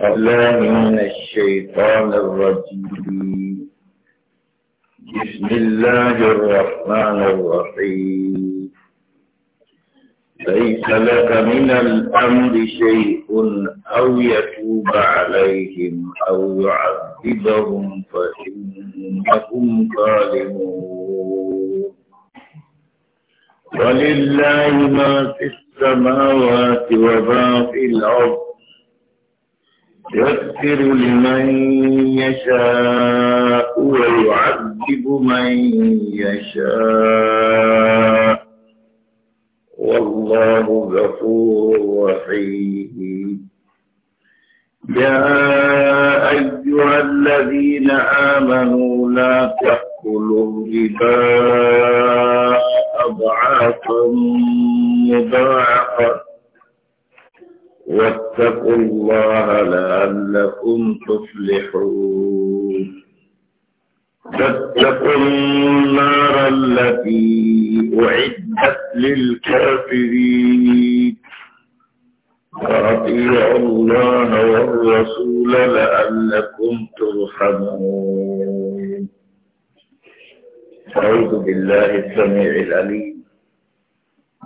الله من الشيطان الرجيم بسم الله الرحمن الرحيم ليس لك من الأمر شيء أو يتوب عليهم أو يعذبهم فإنهم ظالمون ولله ما في السماوات وما في الأرض يغفر لمن يشاء ويعذب من يشاء والله غفور رحيم يا أيها الذين آمنوا لا تأكلوا الربا أضعافا مضاعفة واتقوا الله لعلكم تفلحون فاتقوا النار التي أعدت للكافرين وأطيعوا الله والرسول لعلكم ترحمون أعوذ بالله السميع العليم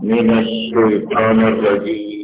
من الشيطان الرجيم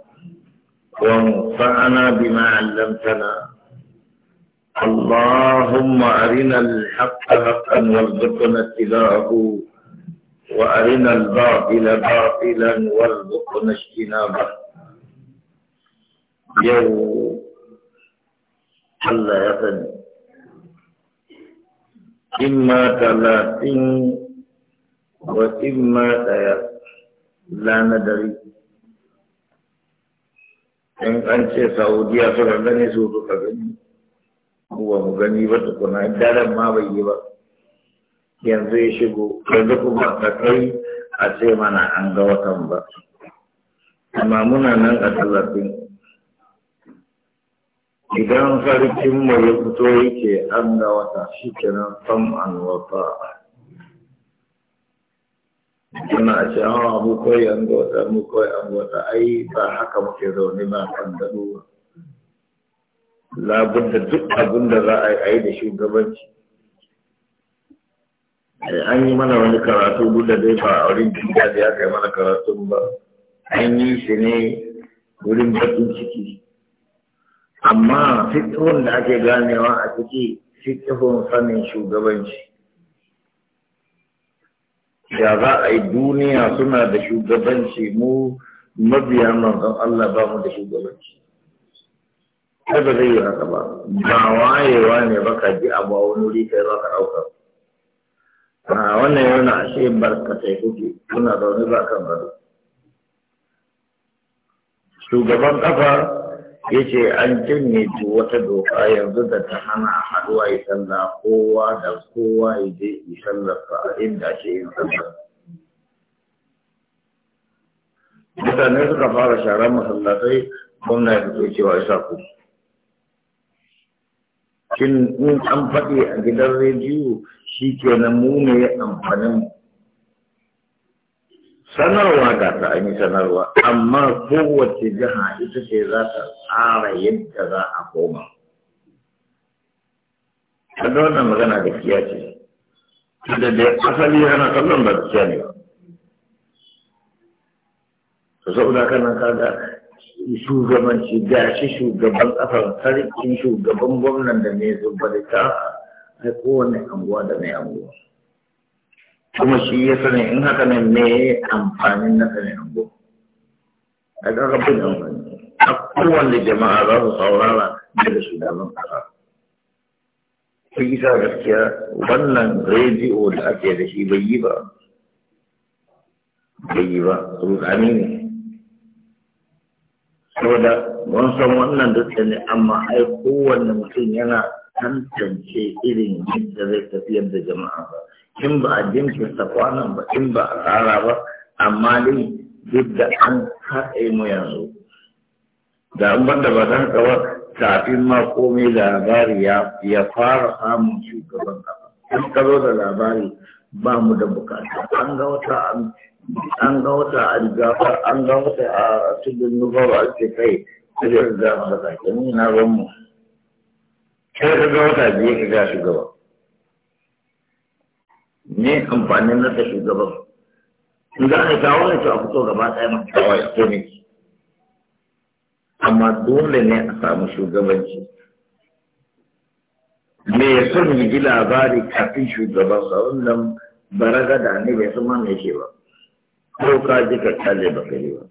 وانفعنا بما علمتنا اللهم أرنا الحق حقا وارزقنا اتباعه وأرنا الباطل باطلا وارزقنا اجتنابه يو حل يفن إما ثلاثين وإما لا ندري in an ce saudiya suka gani su suka gani ba mu gani ba kuna daren ma bai yi ba yanzu ya shigo yanzu kuma ka kai a ce mana an ga watan ba amma muna nan a tallafin idan farkin mu ya fito yake an ga wata shi kenan sam an wata Muna ce, "Ah, mu koyi an gota, mu koyi an gota, ai ba haka muke zaune ba kan daɗo labun da duk abin da za a yi da shugabanci. Eh, an yi mana wani karatu duk da dai ba a wurin jiya da ya kai mana karatu ba. An yi shi ne wurin bakin ciki. Amma fitowar da ake ganewa a ciki fitowar sanin shugabanci. ya za a yi duniya suna da shugabanci mu mabiya manzon Allah ba mu da shugabanci kai ba zai yi haka ba ba wayewa ne ba ka ji abu a wani wuri kai ba ka ɗauka a wannan yana ashe barkatai kuke kuna zaune ba kan shugaban ƙafa. yace an janye duk wata doka yanzu da ta hana haɗuwa yi salla kowa da kowa ya je ya sallarsa a inda ke yin sallah mutane suka fara shara masallatai gwamna ya fito cewa ya ku shin in an faɗi a gidan rediyo shi kenan mu ne amfanin sanarwa ga ta an yi sanarwa amma kowace jiha ita ce za ta tsara yadda za a koma kada wannan magana da gaskiya ce da da asali yana kallon ba gaskiya ne ba to saboda kana kaga shugabanci gashi shugaban kafar sarkin shugaban gwamnan da mai zubar da kowane anguwa da mai anguwa kuma shi ya sani in haka ne me amfanin na sani ango a ga rabin amfani a kowanne jama'a za su saurara da su damar kasa sai isa gaskiya wannan rediyo da ake da shi bai yi ba bai yi ba rukani ne saboda mun san wannan dutse ne amma ai kowanne mutum yana tantance irin yadda zai tafiyar da jama'a ba in ba a jinkirta kwanan ba in ba a tsara ba amma dai duk da an haɗe mu yanzu da an banda ba don kawa kafin ma komai labari ya fara samun shugaban kafa in ka zo da labari ba mu da bukata an ga wata an ga wata a rigafar an ga wata a tudun nufawa a ce kai sai da rigafar da kake ni na ban mu sai ga wata biyu ka ga shugaba ne amfanin na da shugaban in za a kawo ne to a fito gaba ɗaya ma kawo ya ko ne amma dole ne a samu shugabanci me ya son yi ji labari kafin shugaban sa wannan baraga da ne bai san ma me ce ba ko ka ji ka kalle ba kai ba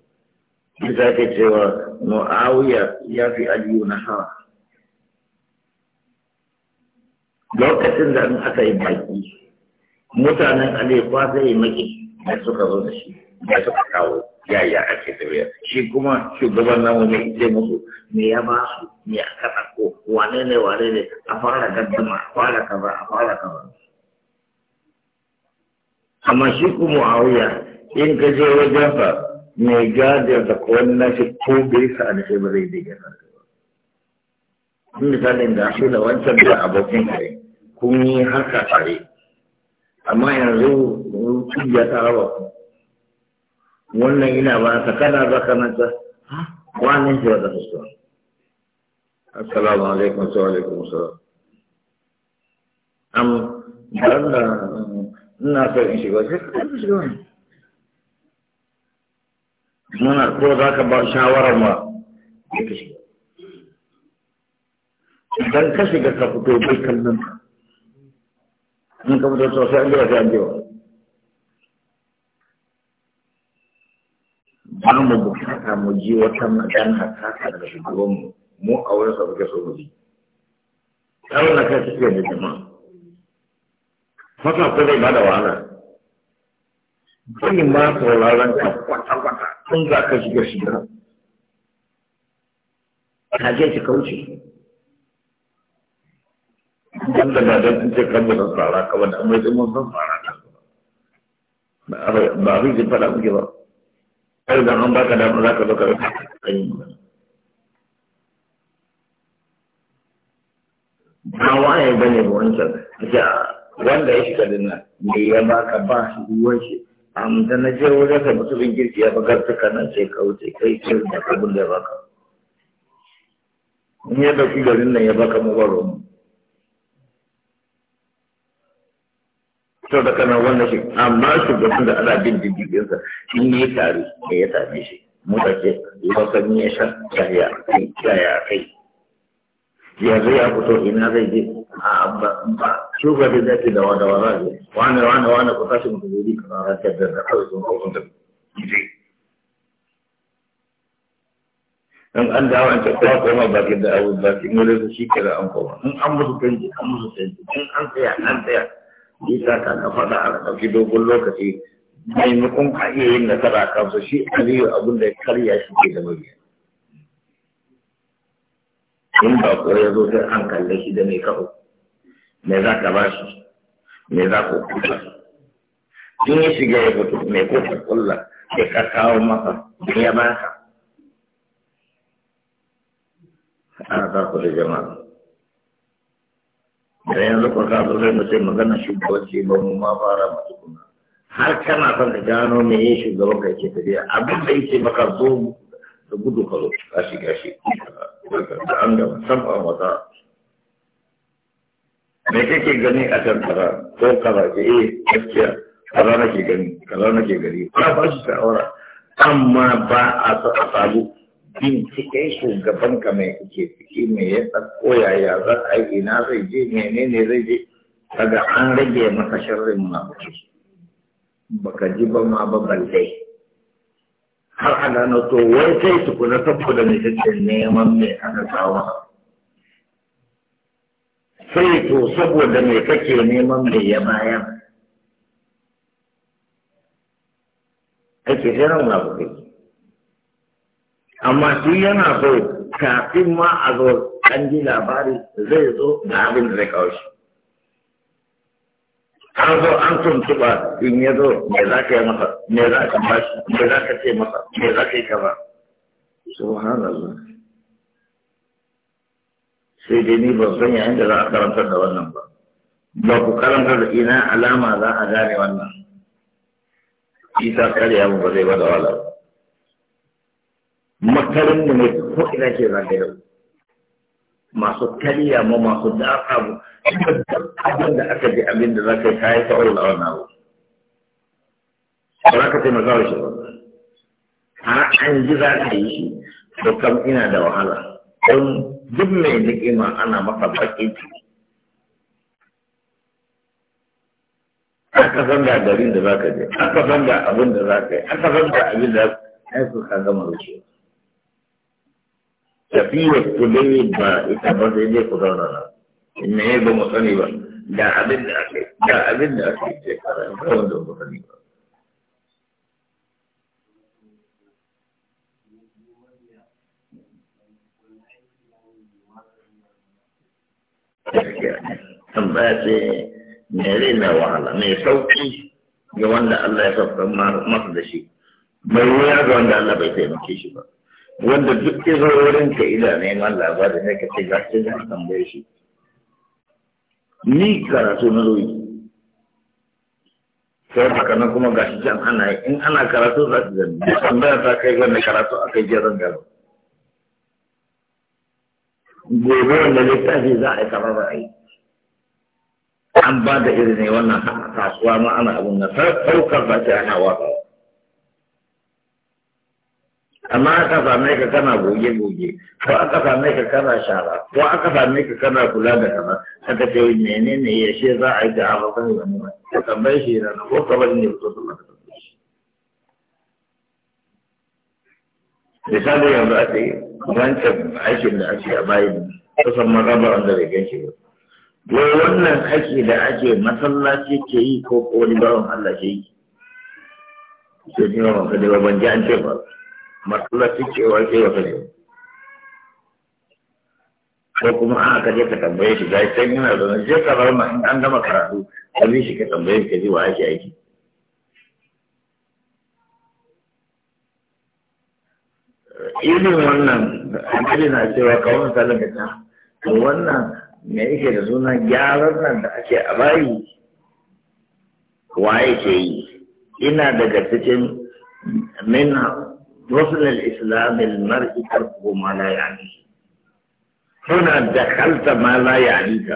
shi za ka cewa mu'awiya ya fi aliyu na hawa lokacin da in aka yi baki mutanen ba zai maki da suka zo da shi da suka kawo yaya ake tafiya shi kuma shugaban namu ne ce musu me ya ba su me aka ko wane ne wane ne a fara gaddama a fara kaza a fara kaza amma shi kuma a wuya in ka je wajen sa me gadiyar da kowanne na shi ko bai sa da shi ba zai diga sa ba misalin da shi da wancan da abokin kare kun yi haka tare amma yanzu ya ta raba ku wannan ina ba ka kana ba ka ta wannan shi wata fuska assalamu alaikum wa alaikum am da ina so in shiga sai ka muna ko za ka ba shawarar ma ya ka shiga idan ka shiga ka fito bai kallon ka in ka fito sosai an jiwa sai an jiwa ba mu bukata mu ji wata magana kasa daga shugabanmu mu a wurin sa muke so mu ji kawai na kai tafiya da jama'a haka ko zai bada wahala kullum ma sauraron ka kwata-kwata tun za ka shiga shiga ka je ka kauce wanda ba don sun ce kan ba san tsara ka wanda amma sai mun san tsara ka ba abin da faɗa muke ba kai da an baka dama za ka zo ka yi magana ba waye ba ne ba wancan wanda ya shiga dinnan me ya baka ba shi ruwan shi amma da na je wajen ka mutumin girki ya baka ta kanan sai ka wuce kai ce da abin da baka in ya dauki garin nan ya baka mu baro mu sau da kana wannan shi amma shugaban da ana bin diddiginsa shi ne tare da ya same shi muka ce yau san ya sha yaya kai yaya kai yanzu ya fito ina zai je a ba ba shugaban da ke da wada wada ne wani wani wani ku tashi mutum zuri kamar rantar da da kawai sun kawai da je in an dawo an ce kuma koma bakin da abu bakin wani su shi kira an koma in an musu canji an musu canji in an tsaya an tsaya isa ka na faɗa a ɗauki dogon lokaci maimakon a iya yin nasara kansu shi aliyu abin da ya karya shi ke da mabiya in ba ko ya zo sai an kalle shi da mai kawo me za ka ba shi me za ka kuka in ya shiga ya fito mai kuka kulla ya ka kawo masa me ya ba ka a za ku da jama'a da yanzu ko ka zo zai mu magana shugabanci ba mu ma fara ba tukuna har kana son ka gano me yin shugaban ka yake tafiya abin da yake maka zo da gudu ka zo gashi gashi da an gaba san ba wata me kake gani a kan kara ko kara ke eh gaskiya kaza nake gani kaza nake gani ba ba shi shawara amma ba a sa a sabu bincike shugaban ka mai kuke ciki me ya ɗauko yaya za a yi ina zai je ne zai je daga an rage masa sharrin munafiki baka ji ba ma ba balle har a gano to wai sai tukuna saboda mai kake neman mai aka kawo sai to saboda mai kake neman mai ya bayar ake sai ran munafiki amma shi yana so kafin ma a zo an ji labari zai zo da abin da zai kawo shi an zo an tuntuba in ya zo me za ka yi masa mai za ka za ka ce masa mai za ka yi kaza subhanallah sai dai ni ba zan yayin da za a karantar da wannan ba ba ku karantar da ina alama za a gane wannan isa karya mu ba zai bada wala ba makarin da mai ko ina ke za yau masu kariya ma masu da abu abin da aka ji abin da za ka yi kayan sa'o'i la'awar na abu ba za ka taimaka shi ba a an ji za ka yi shi to kam ina da wahala don duk mai ni'ima ana maka baƙi aka san da garin da za ka je aka san da abin da za ka yi aka san da abin da da za ka gama rushewa tafiyar ku dai ba ita ba sai dai ku zauna in ne ba mu sani ba da abin da ake da abin da ake ce karan ba wanda ba sani ba tambaya ce me rai na wahala mai sauki ga wanda Allah ya sauka masa da shi mai wuya ga wanda Allah bai taimake shi ba wanda duk ke zo wurin ka ina neman labarin ne ka ce ga shi na tambaye shi ni karatu na zoyi sai haka nan kuma ga shi can ana yi in ana karatu za su zama tambaya ta kai wanda karatu a kai jeron gaba gobe wanda littafi za a yi a yi an ba da irin ne wannan kasuwa ma ana abun na ɗaukar ba ta yana wata. amma aka same ka kana goge-goge ko aka same ka kana shara ko aka same ka kana kula da kaza aka ce mene ne ya she za a yi da aka kan wani ba ka tambaye shi da ko ka bari ne ko ka tambaye shi misali yanzu a ce wancan aikin da ake a bayan kusan maraba wanda bai gan ba wai wannan aiki da ake masallaci ke yi ko kowani bawan Allah ke yi sai ne ba ban ji an ce ba matsala eh, cewa ke wata ne ko kuma an aka je ka tambaye shi gai sai yana zaune je ka bar ma in an gama karatu ka bi shi ka tambaye ka ji wa ake aiki irin wannan amfani na cewa kawai da ta, to wannan me yake da suna gyaran nan da ake a bayi waye ke yi ina daga cikin min نصل الإسلام المرء تركه ما لا يعنيه هنا دخلت ما لا يعنيك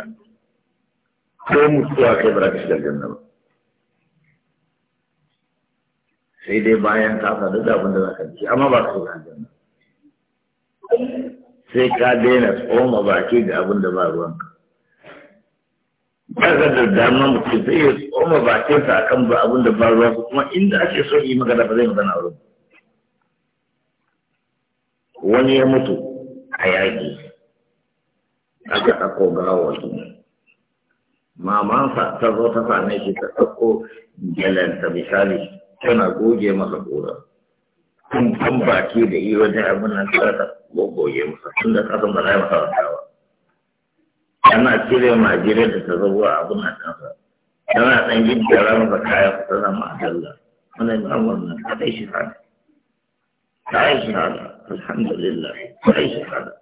قوم سوى خبرك إلى الجنة سيدي بايان كافة لدى بند ذاكت أما بقى إلى الجنة سيكا دينس قوم أباكي دا بند باروانك kaga da damar mutum zai tsoma ba ce sakan ba abin da ba ruwa kuma inda ake so yi magana ba zai magana wurin wani ya mutu a yaƙi aka ɗauko gawawaki mamansa ta zo ta same shi ta ɗauko gyalanta misali tana goge masa ƙura tun kan baki da iya wajen abin nan ta ta goge masa tun da ƙasan ba za masa wasawa tana cire majirar da ta zubo a abin nan ɗansa tana ɗan jijjira masa kayan ta zama a dalla wannan ɗan na ta ɗai shi hana ta ɗai shi hana alhamdulillah sai shi kada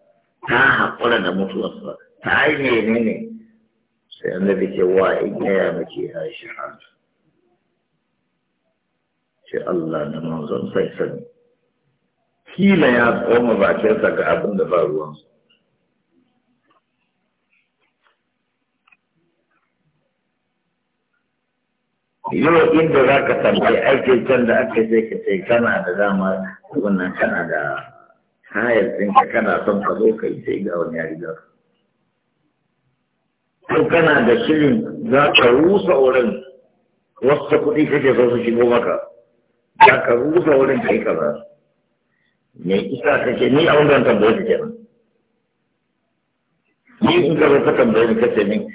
ta haƙura da mutuwarsa ta yi ne ne sai annabi ce wa in gaya mace ya yi shahada ce Allah na manzon sai sani kila ya tsoma bakinsa ga abin da ba ruwansa yau inda za ka tambayi aikin can da aka sai ka sai kana da dama wannan kana da hayar ɗinka kana son ka zo ka yi sai ga wani ya riga ko kana da shirin za ka rusa wurin wasu kuɗi kake so su shigo maka za ka rusa wurin ka yi kaza me isa kake ni a wannan tambayar ka kenan ni in ka zo ka tambayar ka ce min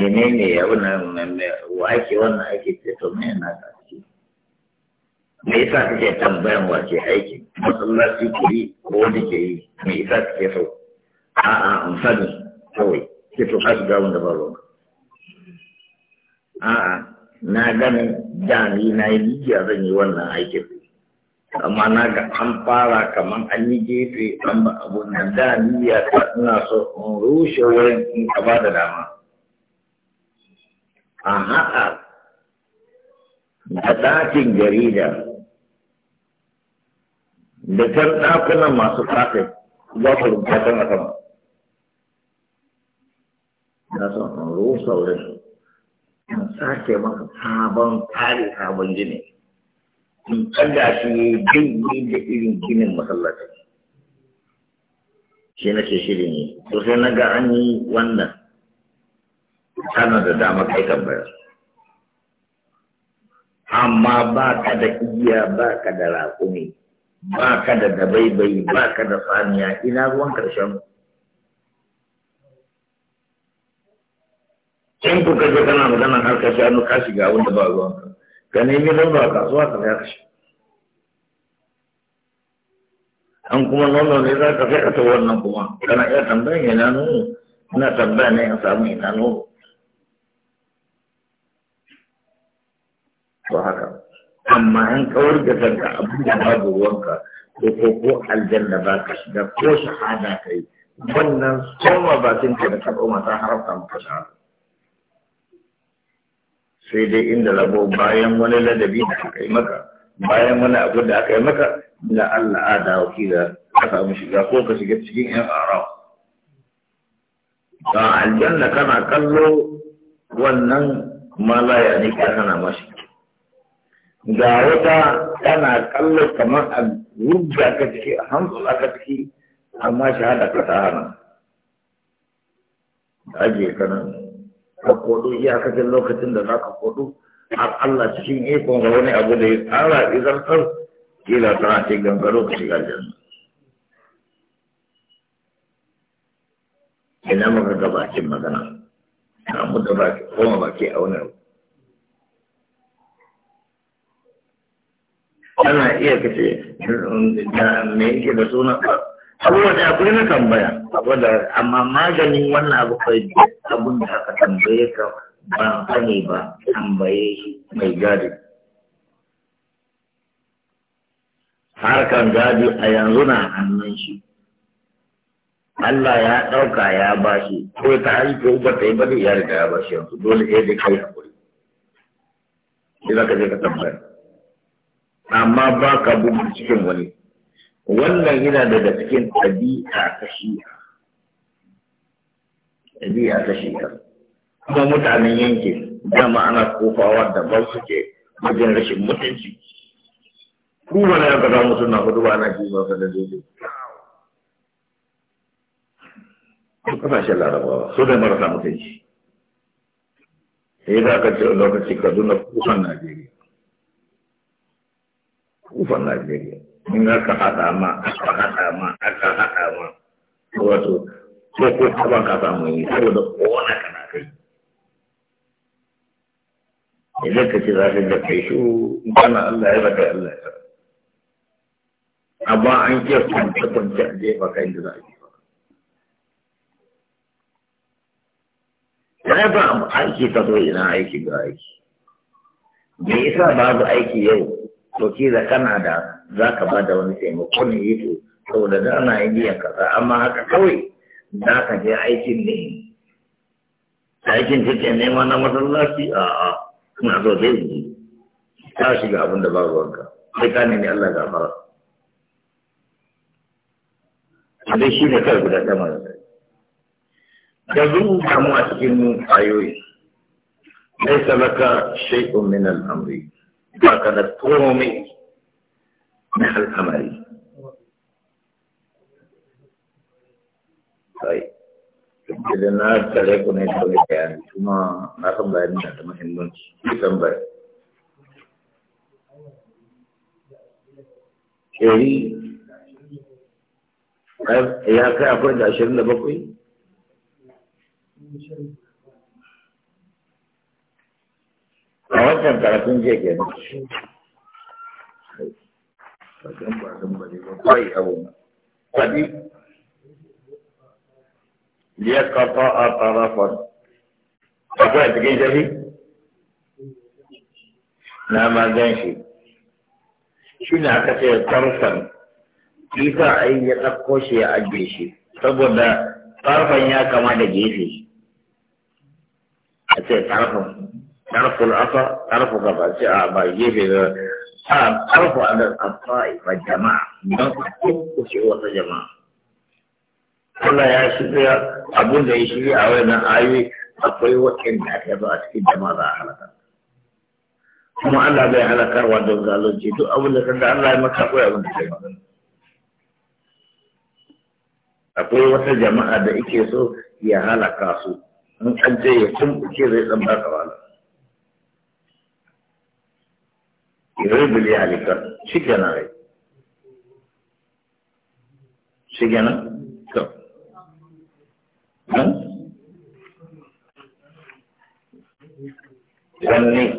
menene ya wannan wa ake wannan ake ce to me na ka me yasa kake tambayan ke aiki masallaci ke yi ko wani ke yi me yasa kake so a'a a sani kawai ke to kashi gawon da baro a'a na gani da ni na yi jiya zan yi wannan aikin amma na ga an fara kaman an yi gefe an ba abu na da ni ya ta ina so in rushe wurin in ka ba da dama a haɗa da ɗakin jarida da kan ɗakunan masu kafe za su rubuta kan a sama na san an rusa wurin in sake maka sabon tsari sabon jini. in kalla shi daidai da irin ginin masallaci shi na ke shirin yi to sai na ga an yi wannan tana da dama kai tambaya amma ba ka da igiya ba ka da raƙumi ba ka da dabaibai ba ka da saniya ina ruwan ƙarshen in ku kaje kana magana har ka shanu ka shiga wanda ba ruwan ka ka nemi lamba a kasuwa ka ya kashi an kuma nono ne za ka sai ta wannan kuma kana iya tambayan ina nono ina tambaya ne in samu ina nono to haka amma an kawar da kanka abin da babu ruwanka ko ko ko aljanna ba ka shiga ko shahada kai wannan tsoma ba sun ka da taɓa mata haramta maka shahada sai dai inda labo bayan wani ladabi da aka yi maka bayan wani abu da aka yi maka da Allah a wa kila ka samu shiga ko ka shiga cikin yan ara ba aljanna kana kallo wannan malaya ne ka hana mashi ga wata tana kallo kamar a wurga ka ciki a hanzu aka ciki amma shahada ka ta hana da ajiye ka nan ka kodo iyakacin lokacin da za ka kodo har Allah cikin ikon ga wani abu da ya tsara izartar kila tana ce gangaro ka shiga janna ina maka gabacin magana samu da baki koma baki a wani abu ana iya kace da me yake da suna abubuwa da akwai na tambaya saboda amma maganin wannan abu kai abun da aka tambaye ka ba sani ba tambaye shi mai gadi harkan gadi a yanzu na hannun shi Allah ya ɗauka ya ba shi ko ta yi ko ba ta yi ba da ya riga ya ba shi yanzu dole sai dai kai hakuri. Sai za ka je ka tambaya. amma ba ka bugun cikin wani wannan yana daga cikin ɗabi'a ta shi'a ɗabi'a ta shi'a kuma mutanen yanke dama ana kofawa da ba suke wajen rashin mutunci Kuma na yanka zama suna hudu ba na jiwa ka da dole su kasashen larabawa su da marasa mutunci sai za ka ce lokaci kaduna kusan najeriya kufan Najeriya. In aka haɗa ma, aka haɗa ma, aka haɗa ma. Wato, ko ko haɓa ka samu yi, saboda kowane kana kai. Idan ka ce za ka ga kai shi, kana Allah ya zaka Allah ya zaka. Amma an ke kwance-kwance a jefa ka inda za a jefa. Ya ba aiki ta zo ina aiki ga aiki. Me yasa babu aiki yau to kila kana da za ka ba da wani taimako ne yi eh to saboda da ana yi biyan kaza amma haka kawai za ka je aikin ne aikin take nema na masallaci a a na zo zai yi ta shiga abin da ba ruwanka sai ka ne Allah ga fara dai shi ne kai guda ta mara da zuwa a cikin ayoyi laisa laka shay'un min al-amri ba ka da komai na al'amari sai da na tare ku ne da wani bayani kuma na san bayanin da san ya kai akwai da ashirin da bakwai? a wancan karatun je ke nan bakin kadi ya kafa a tarafan akwai a cikin shafi na magan shi shi na aka ce tarfan isa a yi ya ɗauko shi ya ajiye shi saboda tarfan ya kama da gefe a ce tarfan tarful afa tarfu gaba ce a ba gefe da a tarfu a da kafai ba jama'a don a ku ce wata jama'a Allah ya shirya abun da ya shirya a wannan ayoyi akwai da aka ba a cikin jama'a za a halaka kuma Allah bai halakarwa don zalunci duk abin da kaga Allah ya maka akwai abin da kai magana akwai wata jama'a da ike so ya halaka su in an je ya tumbuke zai dan ka wala rubuli halittar shi kenan rai shi kenan to wanne a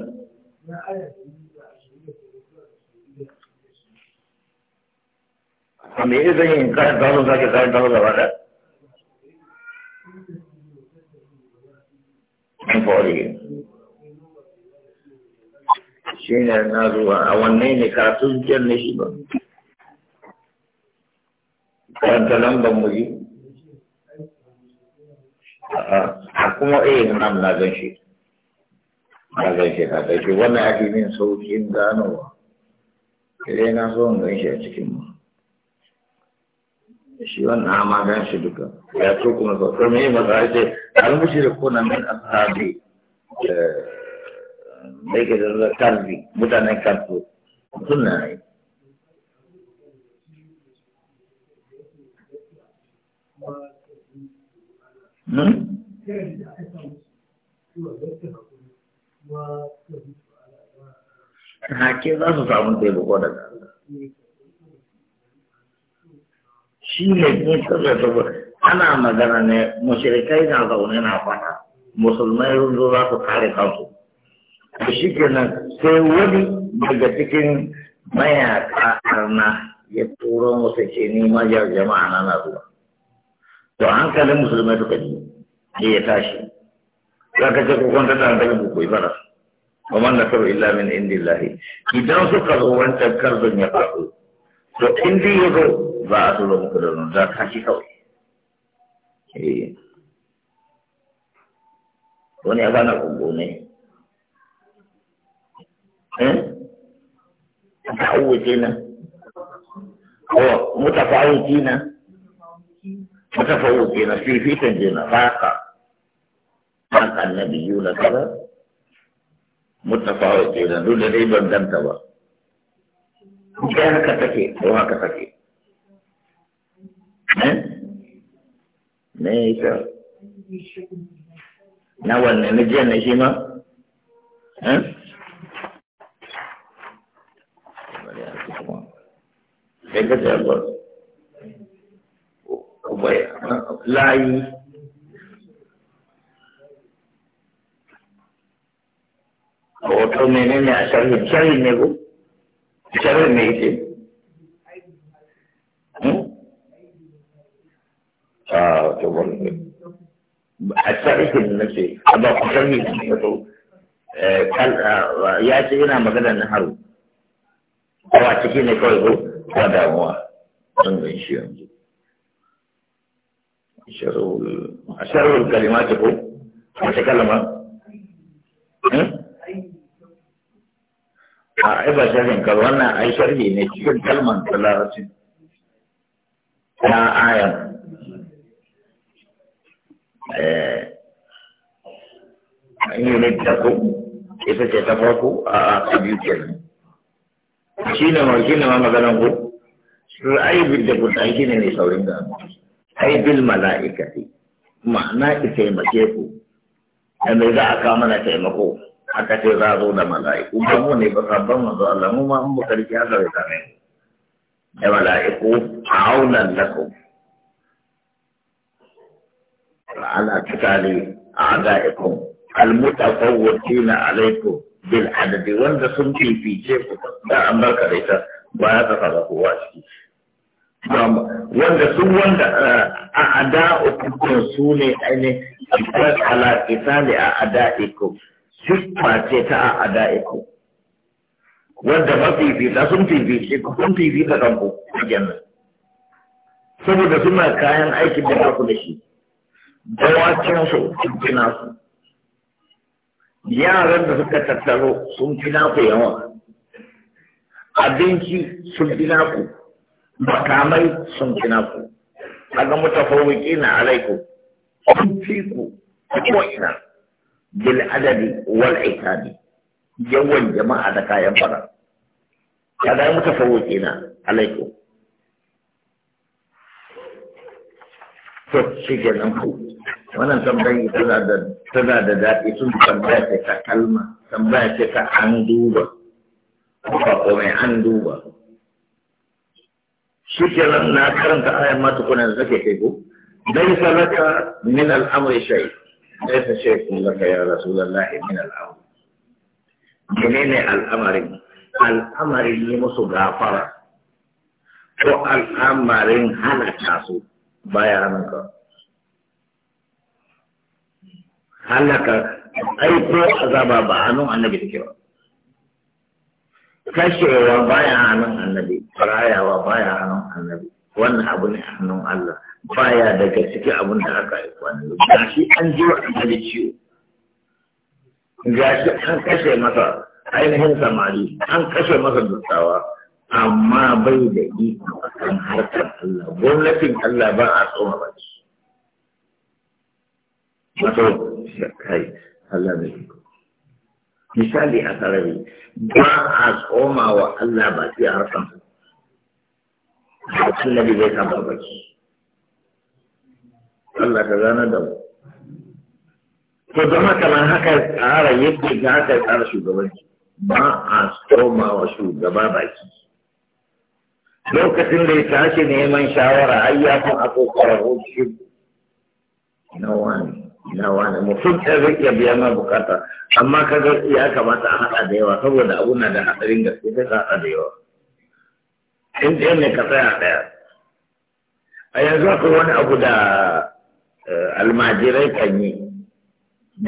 zan yi gaba da shi ne na zuwa a wannan ne karatun jiyar ne shi ba karanta lambar mu yi a kuma eh nan na gan shi na gan shi na gan shi wannan ake min saukin ganowa sai na so in gan shi a cikin mu shi wannan amma gan shi duka ya so kuma sauƙar mai maza ce al-mushriku na min ashabi eh, da yake da karfi mutanen karfi suna yi hmm? Hake za su samu shi ne ne kasa saboda ana magana ne mashirikai na zaune na fata musulmai runzo za su kare kansu da shi kenan sai wani daga cikin mayaka arna ya turo musu ce ni ma jama'a na na zuwa to hankalin musulmai suka ji sai ya tashi za ka ce ko kwanta da daga buku yi fara wa man nasaru illa min indillahi idan suka zo wancan karzon ya faɗo to indi dai ya zo ba a tura muku da nan za ka shi kawai eh. wani ya bana kungo ne متعوجين هو متفاوتين متفوقين في في تنجينا فاقا فاقا النبيون كذا متفاوتين دول ريبا دمتبا كان كتكي هو كتكي ميتا نوال نجينا شيما ها kai ka ce abbas a a sharhin sharhin ne ko sharhin ne ce hmm? a to wani a sharhin ce a ba ku ne ko eh, ya ce yana magana na haru a wa ciki ne kawai ko ba damuwa don gan shi yanzu a sharhul kalima ce ko wata kalama? Hmm? a ai ba sharhin ka wannan ai sharhi ne cikin kalman talarabci ta ayan eh. A yi ne ta ko ita ce ta farko a abu kenan shi ne ma shi ne ma maganan ko ai bil da guda shi ne mai saurin da ai bil mala'ikati ma'ana ki taimake ku da mai za a kawo mana taimako aka ce za a zo da mala'iku ba mu ne ba sabon manzo Allah mu ma an bukari ki haka bai same da mala'iku aunan lakum ala tikali a'da'ikum المتفوتين عليكم بالعدد وانت سنتي في جيبك ده أمرك ليس ba ya saka da kowa ciki wanda sun wanda eh, a ada ukukun su ne ainihin alfas ala isali a ada iko su ce ta a ada iko wanda mafifita sun fifice ku sun fifita kanku a jannan saboda suna kayan aikin da ba ku da shi dawakin su sun fi nasu yaran da suka tattaro sun fi naku yawa abinci sun fi ku. makamai sun kina ku kaga mutafawwiki na alaiku sun ku ko ina bil adadi wal itadi yawan jama'a da kayan fara kaga mutafawwiki na alaiku to shi nan ku wannan tambayi tana da tana da daɗi sun tambaya ta kalma tambaya ta an duba ko kuma an duba shi nan na karanta ayan ma tukuna da take kai ko dai salaka min al-amri shay dai ta ce kun laka ya rasulullah min al-amri menene al-amrin al-amrin ne musu gafara ko al-amrin halaka su bayanan ka halaka ko azaba ba hannun annabi take ba kashewa baya hannun annabi rayawa baya hannun annabi wannan abu ne hannun Allah baya daga cikin abun da aka yi wani ga shi an ji wa annabi ciwo ga shi an kashe masa ainihin samari an kashe masa dutsawa amma bai da iko a kan harkar Allah gwamnatin Allah ba a tsoma ba ce. Mato, kai, Allah mai iko. Misali a sarari, ba a tsoma wa Allah ba sai harkar annabi zai kama baki Allah ka gane da mu to zama kamar haka tsara yadda ga haka tsara shugabanci ba a tsoma wa shugaba baki lokacin da ya tashi neman shawara ai ya san a kokarar hoshi na wani na wani mutum ɗan zai iya biya ma bukata amma kaga ya kamata a haɗa da yawa saboda abu na da hatsarin gaske sai ka haɗa da yawa in ne ka tsaya ɗaya a yanzu akwai wani abu da eh, almajirai kan yi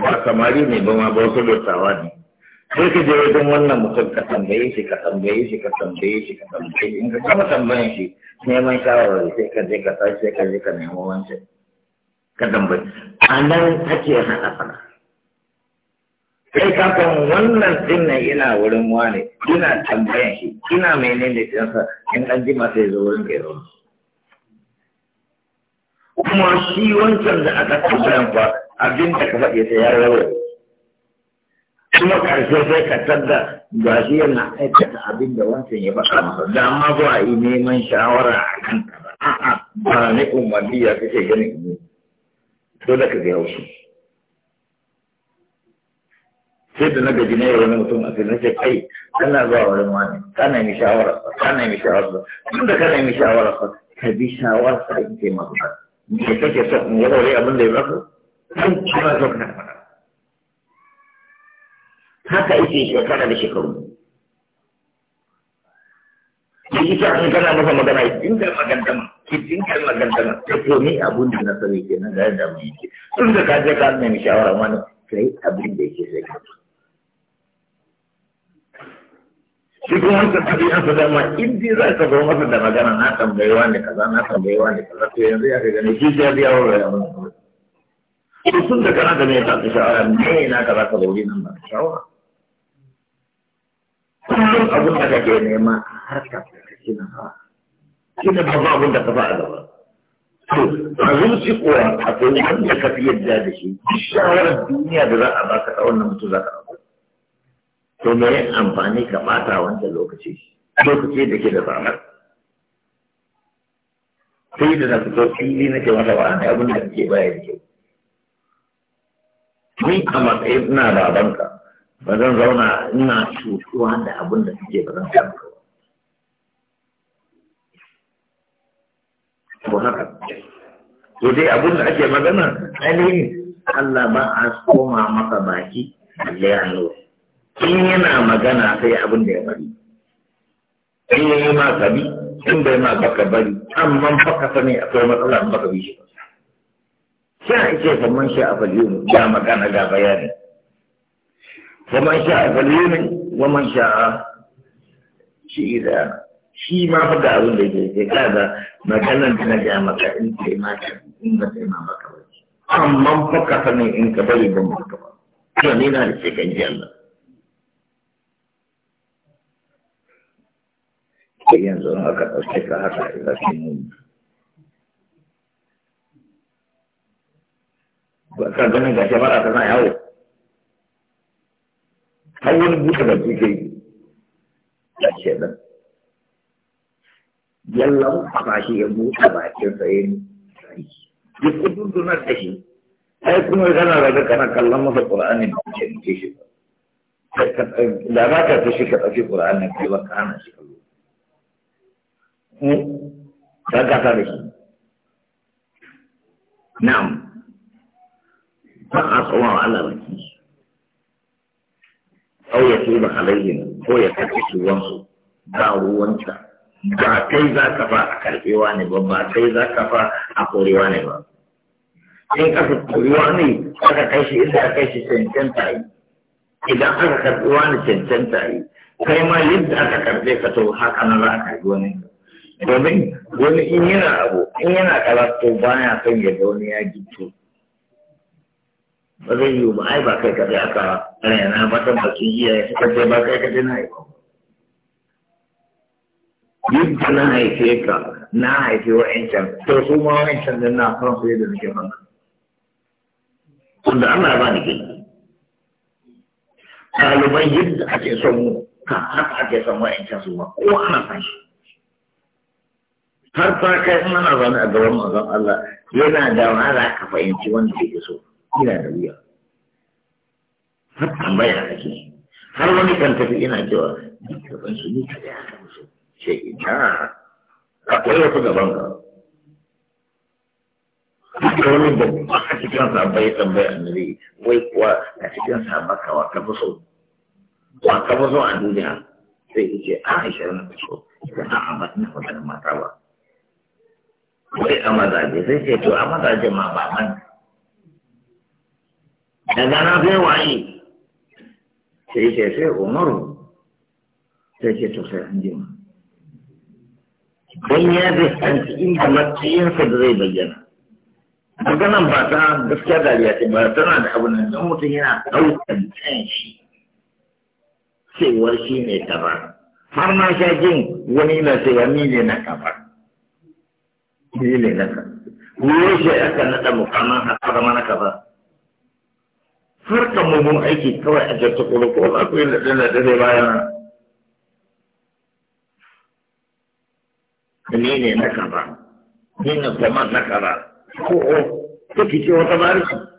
ba samari ne ba ma ba wasu lotawa ne sai ka je wajen wannan mutum ka tambaye shi ka tambaye shi ka tambaye shi ka tambaye shi in ka kama tambayan shi neman shawarwari sai ka je ka tashi sai ka je ka nemo wancan ka tambaye a nan ake hana fara sai kafin wannan din yana ina wurin wane ina tambayan shi ina menene ɗinsa in an jima sai zo wurin kai kuma shi wancan da aka tambayan fa abin da ka faɗi sai ya rawa kuma karshe sai ka tadda ga shi yana aikata abin da wancan ya faɗa masa da ma zuwa yi neman shawara a kan a'a ba ne umarni ya kace ganin ne dole ka ga haushi sai da na gaji na yau wani mutum a filin sai kai kana zuwa wurin wani kana yi shawara kana yi shawara tun da kana yi shawara ka bi shawara sa in ce masu ba me kake so in warware abin da ya baka kan kuma zo kana fara haka ake shekara da shekaru da ita an kana masa magana in da magandama cikin kan magandama ta to ni abun da na sani kenan ga yadda mu yi tun da ka je ka nemi shawara wani kai abin da yake sai ka shi kuma wancan ɗabi'ansa dama in dai za ka zo masa da magana na tambayi wani kaza na tambayi wani kaza to yanzu ya ka gani shi ya biya wa ya wani kawai to da kana da mai ta shawara ne na ka za ka zauri nan ba shawara kuma abin da kake nema har ka kake na hawa shi ne babban abin da ka fa a gaba to a zuci kuwa akwai wanda ka fi yadda da shi shawarar duniya da za a baka a wannan mutu za ka ɗauka to me yin amfani ka bata wancan lokaci lokaci da ke da tsamar sai da na fito fili na ke masa wa'ani abin da ke baya da kyau ni a matsayin ina babanka ba zan zauna ina cutuwa da abin da suke ba zan samu ba ko haka to dai abin da ake magana ainihin Allah ba a koma maka baki balle hannu in yana magana sai abin da ya bari in ya yi ma sabi in bai ma baka bari amma baka sani akwai matsala in baka bi shi a ce zaman sha a falyumin ga magana ga bayani zaman sha a falyumin wa man sha a shi da shi ma fa abin da yake sai kaga maganar da na ga maka in kai ma in ba sai ma baka bari amma baka sani in ka bari ba mu ka ba to ni na da cikin Allah sai yanzu in aka ɗauke ka haka ina fi muni ba ka ganin ga jama'a ta na yawo har wani buta da kuke yi a ke nan yallon fashi ya buta bakin sa yin sai ya kudurdunar da shi ai kuma kana raga kana kallon masa ƙur'ani da ke shi ba da ba ka fi shi ka ɗauki ƙur'ani kai ba ka hana shi kallo eh ka gasa da shi na'am ba a tsawon alaraki au ya ce ba alayhin ko ya kashe su wansu ba ruwanta ba kai za ka fa a karbewa ne ba ba kai za ka fa a korewa ne ba in aka korewa ne aka kai shi inda aka kai shi cancanta yi idan aka karbewa ne cancanta yi kai ma yadda aka karbe ka to haka na za a karbi wani domin wani in yana abu in yana karatu baya son ya wani ya gito ba zai yi ba ai ba kai kaɗai aka rana ba ta bakin iyaye suka ce ba kai kaɗai na yi ba yadda na haife ka na haife wa wa'ancan to su ma wa'ancan din na fara su yadda nake maka tunda Allah ba ni gani ɗaliban yadda ake son mu ka haka ake son wa'ancan su ma ko ana san shi har ta kai in ana zaune a gaban manzon Allah yana da wahala ka fahimci wanda ke so ina da wuya har tambaya ake har wani kan tafi ina cewa gaban su ni kaɗai so. musu ce ina akwai wata gaban ka Haka wani babba a cikin sabai tambayar annabi wai kuwa a cikin sabaka wa ka fi so wa ka fi so a duniya sai ce a na da so ita a amat na mata ba wai a mazaje sai ce to a mazaje ma ba man daga na sai waye sai ce sai umaru sai ce to sai an jima don ya fuskanci inda matsayinsa da zai bayyana maganan ba ta gaskiya dariya ce ba tana da abu nan don mutum yana ɗaukar kan shi Sai shi ne kaza har ma sha jin wani na sai ne na kaza ni ne naka wuce aka naɗa mukamman haka zama ka ba harkar mummun aiki kawai a jarta kuro ko za ku yi da ɗan da zai bayan ni ne naka ba ni na kuma naka ba ko o take ce wata barisa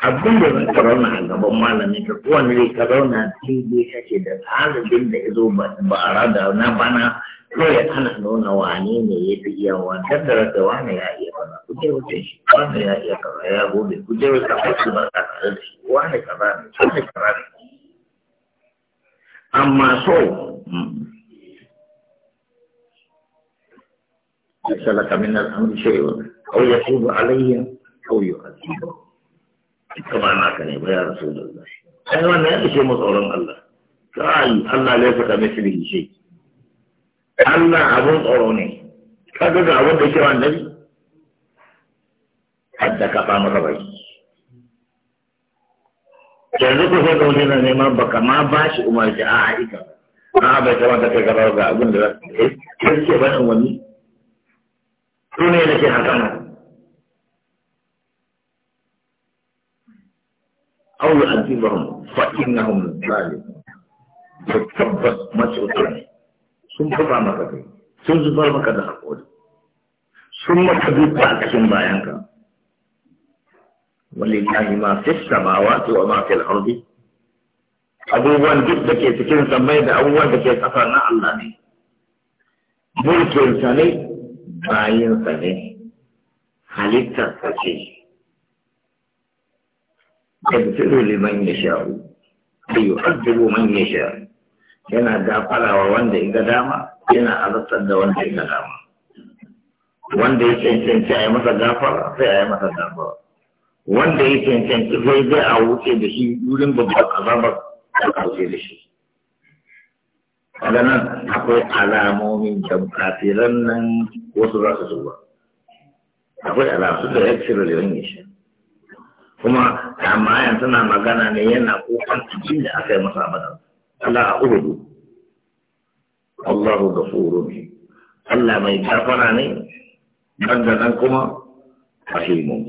abin da za ka rauna a gaban malami ka kowane ne ka rauna daidai kake da talibin da ya zo ba a rada na bana kawai ana nuna wane ne ya fi iya wancan da rasa wane ya iya bana ku je wuce shi wane ya iya kaza ya gobe ku je wuce kasu ba ka tare da shi wane kaza ne wane kaza ne amma so ya hmm. salaka min al'amri shay'un aw yatubu alayhim aw yu'adhibuhum duka ba naka ne ba ya rasu da Allah ai wannan ya ishe mu tsoron Allah kai Allah ne saka misali shi Allah abun tsoro ne kaga ga abin da yake wa annabi hadda ka ba maka bai yanzu ko sai kawai ne ma baka ma ba shi umarci a haika a bai ta kamata kai gaba ga abun da za ka yi sai ke ban wani su ne da ke hakan mu أو يعذبهم فإنهم ظالمون tabbas masu ne sun faɗa maka kai sun zubar maka da haƙori. sun maka duka a cikin bayanka walillahi ma fi samawati wa ma fi al-ardi abubuwan duk da ke cikin sammai da abubuwan da ke ƙasa na Allah ne mulkin Sane bayan sane sa ne halittar sa yabtulu liman yasha'u bi yu'adhibu man yasha'u yana dafarawa wanda in ga dama yana azabtar da wanda in ga dama wanda ya cancanci a yi masa gafara sai a yi masa gafara wanda ya cancanci sai zai a wuce da shi wurin babban azabar da a wuce da shi nan akwai alamomin jamkafiran nan ko su za su zuwa akwai alamomin da ya cire da yawan kuma tamayan tana magana ne yana kukan cikin da aka yi masa badar Allah a uhudu Allahu gafuru ne Allah mai gafara ne banda nan kuma rahimu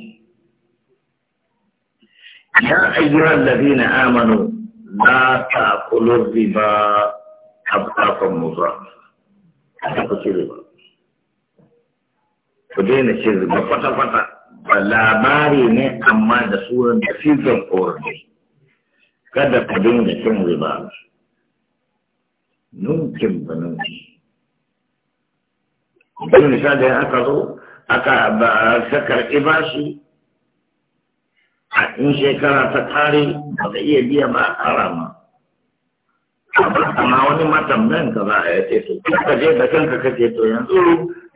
ya ayyuhal ladina amanu la taqulu riba abqatan musa kada ku ci riba ku daina cin riba fata-fata. ba labari ne amma da suran da fizon ƙorafi kada ka dinga cin riba nunkin ba nunki don misali aka zo aka ba sakar ibashi a in shekara ta kare ba ta iya biya ba a rama amma wani matambayan ka za a yi to ka je da kanka ka to yanzu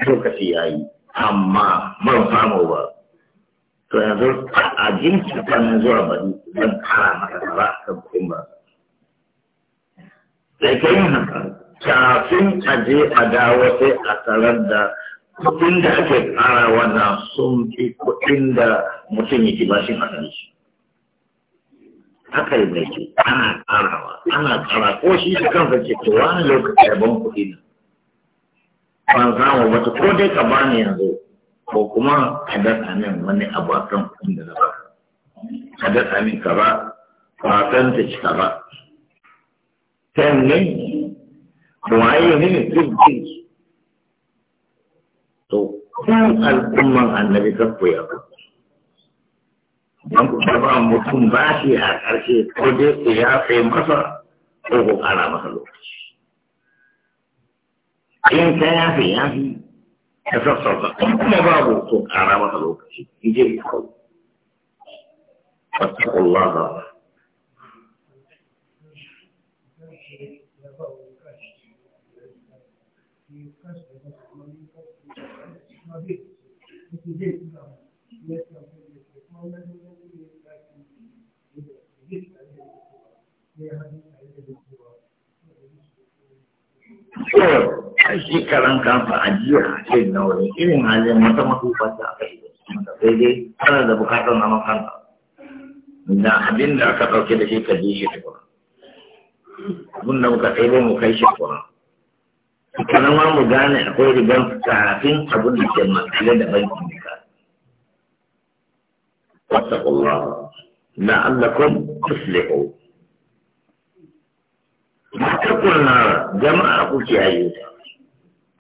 lokaci yi? amma ban samu ba to yanzu a ta na zuwa bari zan kara maka tara a kuɗin ba da ke yin haka kafin a je a dawo sai a tarar da kuɗin da ake kara na sun fi kuɗin da mutum yake bashin asali shi haka yi mai ce ana karawa ana kara ko shi da kansa zance to wani lokaci ban kuɗi na ban samu ba ko dai ka bani yanzu ko kuma ka dasa min wani abu a kan kuɗin da na a ka dasa min ka ba fatan ta cika ba ba ten ne waye ne kirki to ku al'umman annabi ka koya ku don ku ba mutum ba shi a ƙarshe ko dai ku ya sai masa ko ku ƙara masa lokaci in ka yafe yafi ka sassauta kuma babu to ƙara masa lokaci ije kawai fattakullaha Sure. Kashi karan karan a ajiya a cikin na irin halin mata matufa ta aka yi sai dai tana da bukatar na makanta da abin da aka ɗauke da shi ka je shi tukuna abin da muka ɗaibo mu kai shi tukuna kanan ma mu gane akwai rigar kafin abin da ke matsale da bankin ne ka wattakullah la'allakum tuslihu ma na jama'a ku kiyaye ta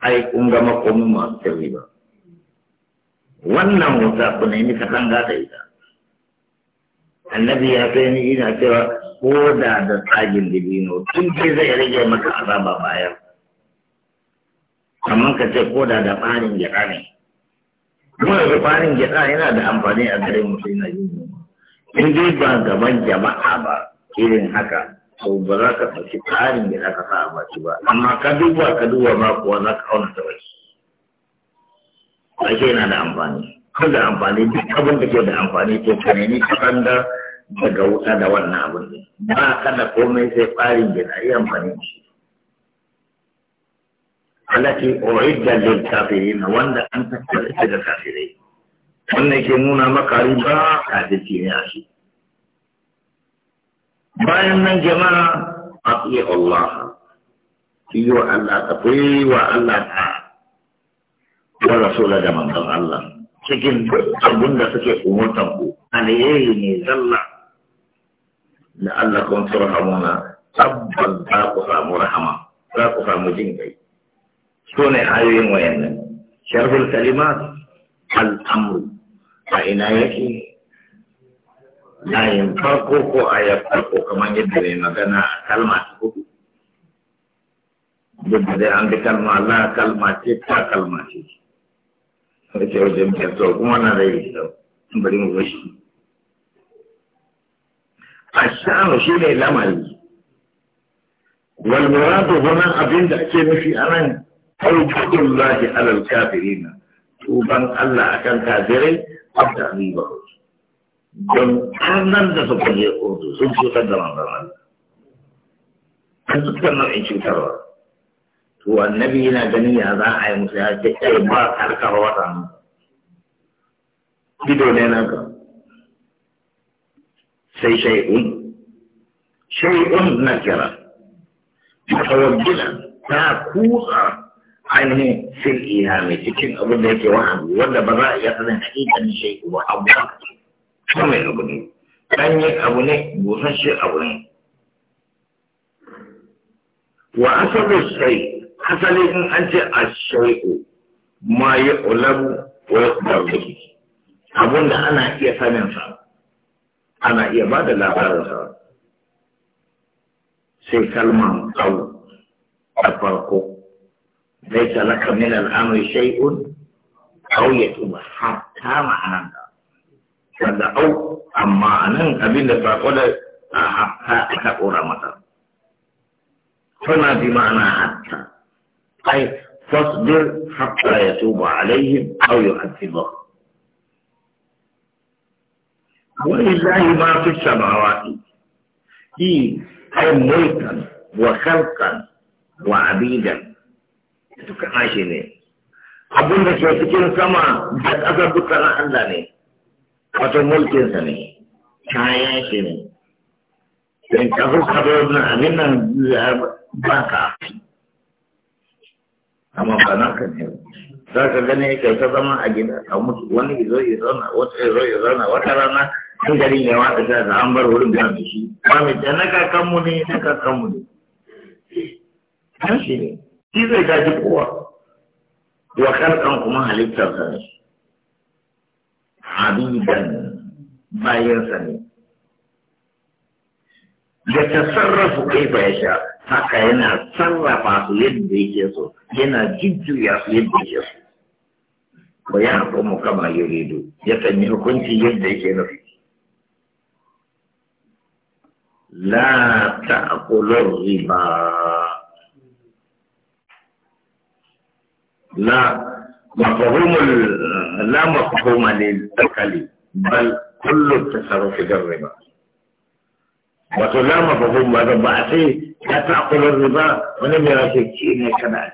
ai kun ga makomin masu cin ba. wannan wuta ku ka katanga da ita annabi ya kai ni ina cewa ko da da tsagin dibino tun ke zai rage maka azaba bayan kamar ka ce ko da da ɓarin gyaɗa ne kuma da ɓarin gyaɗa yana da amfani a gare sai na yi noma in dai ba gaban jama'a ba irin haka to ba za ka ɗauki tsarin da za ka sa a baki ba amma ka duba ka duba ma kuwa za ka auna ta baki ake yana da amfani kan da amfani duk abin da ke da amfani to ka nemi kaɗan da daga wuta da wannan abin ne ba ka da komai sai tsarin da na yi amfani da shi alati u'idda lil kafirin wanda an tattara shi da kafirai wannan ke nuna maka riba kafirci ne a shi bayan nan jama'a atiyu Allah kiyo Allah ta wa Allah ta wa rasula da manzon Allah cikin abun da suke umurtan ku alheri ne zalla da Allah kun turhamuna za ku samu rahama za ku samu jin kai so ne ayoyin wayannan sharhul kalimat al-amru a ina yake layin farko ko ayar farko kamar yadda mai magana a kalma ta hudu duk da dai an ga kalma la kalma ce ta kalma ce wajen fiyarto kuma na zai yi bari mu bashi الشأن شيء العمل والمراد هنا أبين دعكين في أمن توبة الله على الكافرين توبا الله أكن كافرين أبدا أبيبه don nan da suka je urdu sun cutar da manzan Allah an cutar nau'in cutarwa to annabi yana ganin ya za a yi musu ya ce kai ba karkar wata mu gido ne na ka sai shai'un shai'un na kira mutawajjila ta kutsa ainihin fil mai cikin abin da yake wahabi wanda ba za a iya sanin hakikanin shai'u ba abu ba. kame abu ne ɗanye abu ne abu ne wa asalin sai hasali in an ce a shai'u ma ya ulabu wa ya ana iya sanin sa ana iya ba da labarin sa sai kalman au a farko zai talaka min al'amri shai'un au ya tuba hatta ma'ananta kada au amma nan abin da sako da a hatta aka kora mata tana bi ma'ana hatta ai fasbir hatta ya tuba alaihim au yu'adhibuh ولله ما في السماوات إيه أي ملكا وخلقا وعبيدا duka nashi ne abin da ke cikin sama da ƙasa duka na Allah ne wato mulkinsa ne kayan shi ne in kafin kafin na abin nan ba ka amma ba na kan yau za ka gani kai ta zama a gida a mutu wani izo ya zauna wata izo ya zauna wata rana in garin ya wata ta da an bar wurin da mai shi ba mai da na kakanmu ne na kakanmu ne kan shi ne shi zai gaji kowa wa kan kuma halittarsa ne عبيدا ما ينسني يتصرف كيف يشاء haka yana sarrafa su yadda yake so yana jujjuya su yadda yake so ko ya hukumu kama yurido yakan yi hukunci yadda yake nufi la riba la مفهوم لا مفهوم للأكل بل كل التصرف بالربا ولا مفهوم ماذا بعثي لا تأكل الربا ولم يرسل شيء كذا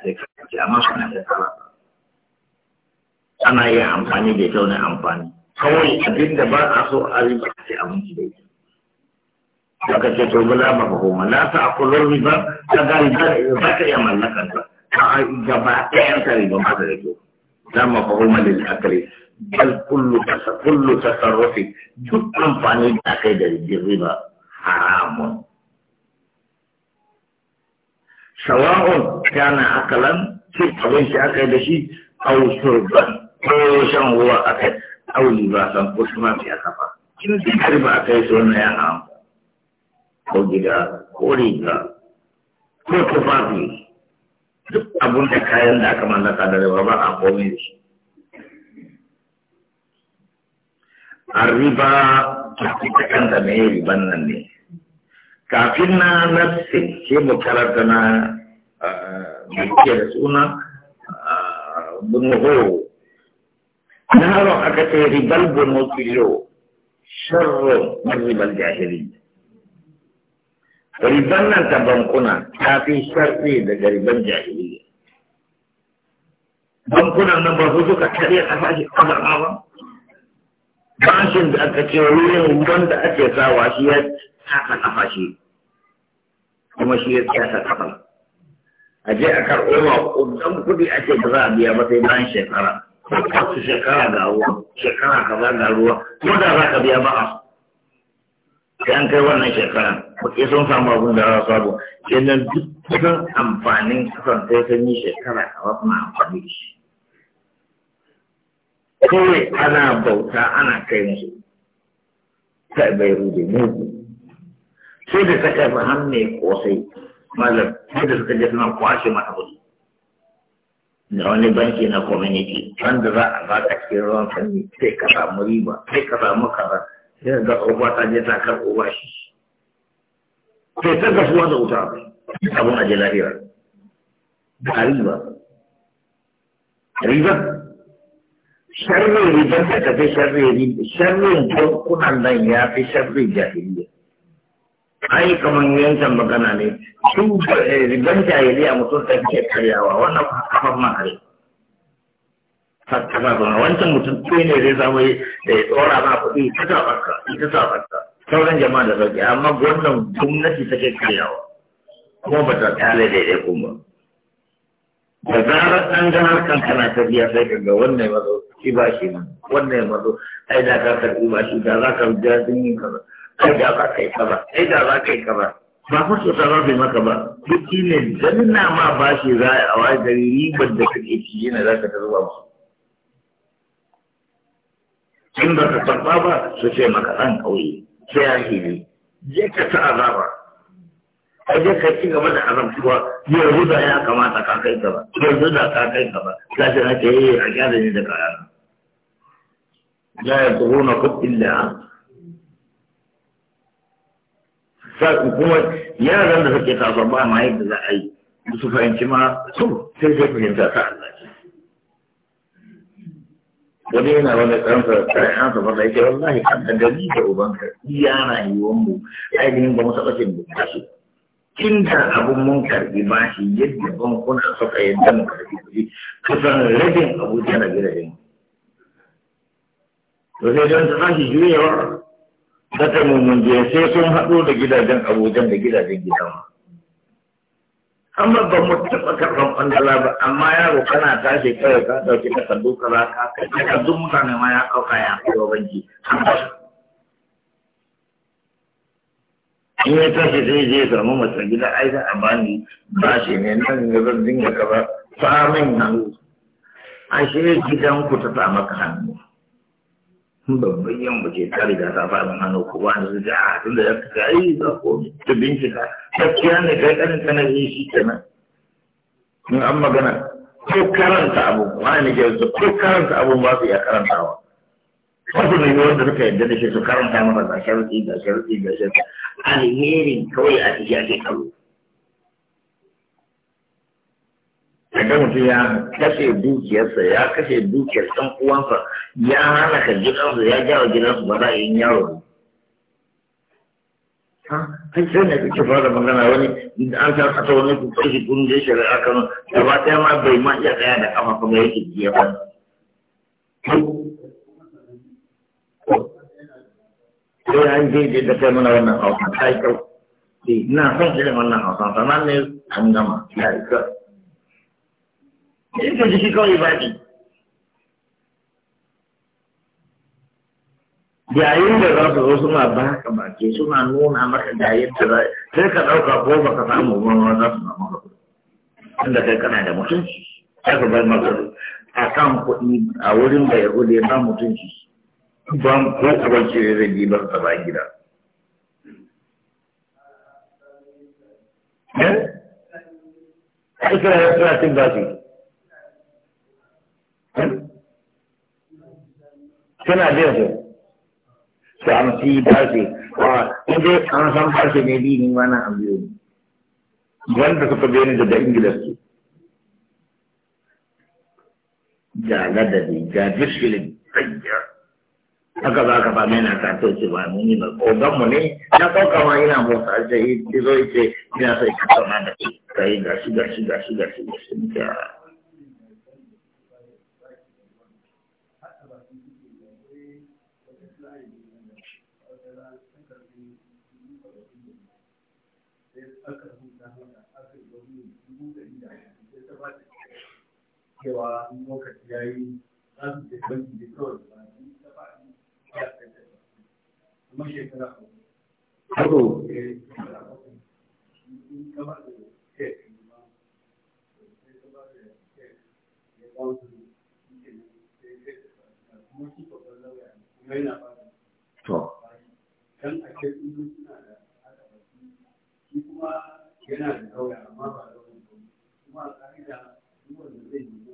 كذا ما كان ana yin amfani da ita wani amfani kawai abin da ba a so a a ce to bala ba ka koma la ta akulur riba ta ga riba ba ta iya mallakan ta a gaba ɗayan ta riba ba ta da لا مفهوم للأكل بل كل كل تصرف جد أنفاني أكيد الربا حرام سواء كان أكلا cin abinci aka yi da shi au shurban ko shan ruwa aka yi libasan ko kuma mai aka fa in dai har ba aka yi ya haram ko gida ko riga ko tufafi duk abun da kayan da aka mallaka da riba ba a komai da shi a riba a cikin kanta mai riban nan ne kafin na nafsi ce mu karanta na mai da suna bunho na haron aka ce ribal bunho kilo sharro na ribal jahiliya riban nan ta bankuna ta fi sharri daga riban jahiliya bankunan nan ba su suka a kasashe kamar ba bashin da aka ce ruwan da ake sawa shi ya taka kafa shi kuma shi ya tsaya kafa a je a karɓo ma kudan kuɗi ake da za a biya ba sai bayan shekara ko shekara ga ruwa shekara kaza ga ruwa ko da za ka biya ba a sai an kai wannan shekara kuɗi sun samu abin da za su kenan duk kusan amfanin kasan sai sun yi shekara a wasu na amfani da shi kawai ana bauta ana kai musu ta bai rude mugu sai da saka ba har ne kosai malam sai da suka je suna kwashe mata kuɗi da wani banki na community wanda za a baka cikin ruwan sanyi sai ka samu riba sai ka samu kaza sai ga uwa ta je ta kar uwa shi sai ta gasuwa suwa da wuta abun aje lahira da riba riba sharrin riban da ta fi sharrin sharrin bankunan nan ya fi sharrin jahiliya ai kamar yankan magana ne su eh, riban jahiliya mutum ta fi karyawa wannan kafan mahari har ka ba wancan mutum ɗaya ne zai zama da eh, ya tsora ma kuɗi ta sabarka ita sabarka sauran jama'a da sauki amma wannan gwamnati take karyawa kuma ba ta kyale daidai kuma da zarar an ga harkan kana ta biya sai ka ga wannan mazo shi ba shi nan wannan mazo ai da ka karɓi ba shi da za ka biya sun yi kaza ai da za ka yi kaza ai da za ka yi kaza ba fa su tsara bai maka ba duk ne danna ma ba shi za a wajen ribar da kake ci yana za ka ta zuba musu in ba ka karɓa ba su ce maka ɗan ƙauye sai ya hili je ka ta azaba a je ka ci gaba da azabtuwa yau da ya kamata ka kai gaba yau da ka kai gaba ka ce na ke yi eh, a gyara ne da kaya ya tsoro na kuɗin da kuma yaran da suke tasowa ba ma yadda za a yi su fahimci ma su sai sai fahimta ta Allah wani yana wani ɗansa ɗayan sa fata yake wallahi kan da gari da ubanka iya rayuwar mu ainihin ba mu taɓa cin mu ba kin da abun mun karbi ba shi yadda ban kuna suka yadda mu karbi kuɗi kusan rabin abuja na gidajen to sai don ta tashi juyawa da ta mun je sai sun haɗo da gidajen abujan da gidajen gidan amma ba mu taɓa karɓar ɓangala ba amma yaro kana tashi kawai ka ɗauki ta ka ba ka kai takardun mutane ma ya ɗauka ya fi wa banki in ya tashi sai je zama samu gida ai za a bani bashi ne nan ne zan dinga kaza samin hannu ashe gidan ku ta sa maka hannu babban yamma ce ta riga ta fara hannu ko ba su ja tun da ya fita ai za ko ta bincika gaskiya ne kai kanin ta na yi shi kenan in an magana ko karanta abu wani ne ke yanzu ko karanta abu ba su iya karantawa wasu ne wanda suka yadda da shi su karanta masa ga sharuɗi ga sharuɗi ga sharuɗi alherin kawai a ciki ake kallo kaga mutum ya kashe dukiyarsa ya kashe dukiyar ɗan uwansa ya hana ka gidansa ya gyara gidansa ba za a yi yaro ai sai sai ne kake fara magana wani an ta kasa wani kuka shi kun je shari'a kan gaba ɗaya ma bai ma iya tsaya da kafa kuma yake jiya ba sai an je da kai mana wannan hausa ta yi kyau eh, ina son irin wannan hausa sanan ne an gama ya yi kyau Jirgin jiki kawai baɗi. Yayin da za su zo suna ba ka baki suna nuna maka da yadda ta sai ka ɗauka ko ba ka samu ruwan za su na maka kuɗi. Inda kai kana da mutunci, za ka bar maka a kan kuɗi a wurin da ya gudu ya samu mutunci. Ban ko abinci da zai bi ba ba gida. ya eh? Ai kira ya kira cin bashi. suna bin su su amsi bashi wa inda an san su ne bi ni mana an biyo ni wanda suka biyo ni daga ingila su ga ladabi ga disfilin tsayyar haka za ka fami yana kato ce ba mun yi ba ogan mu ne ya ɗauka ina motsa ce zo ce ina sai ka tsana da shi ka yi gashi gashi gashi gashi gashi cewa lokaci ya yi za su da kawai ba ya kai da eh, kuma shekara ko to a ce in suna da kuma yana da lauya amma ba da kuma a zai yi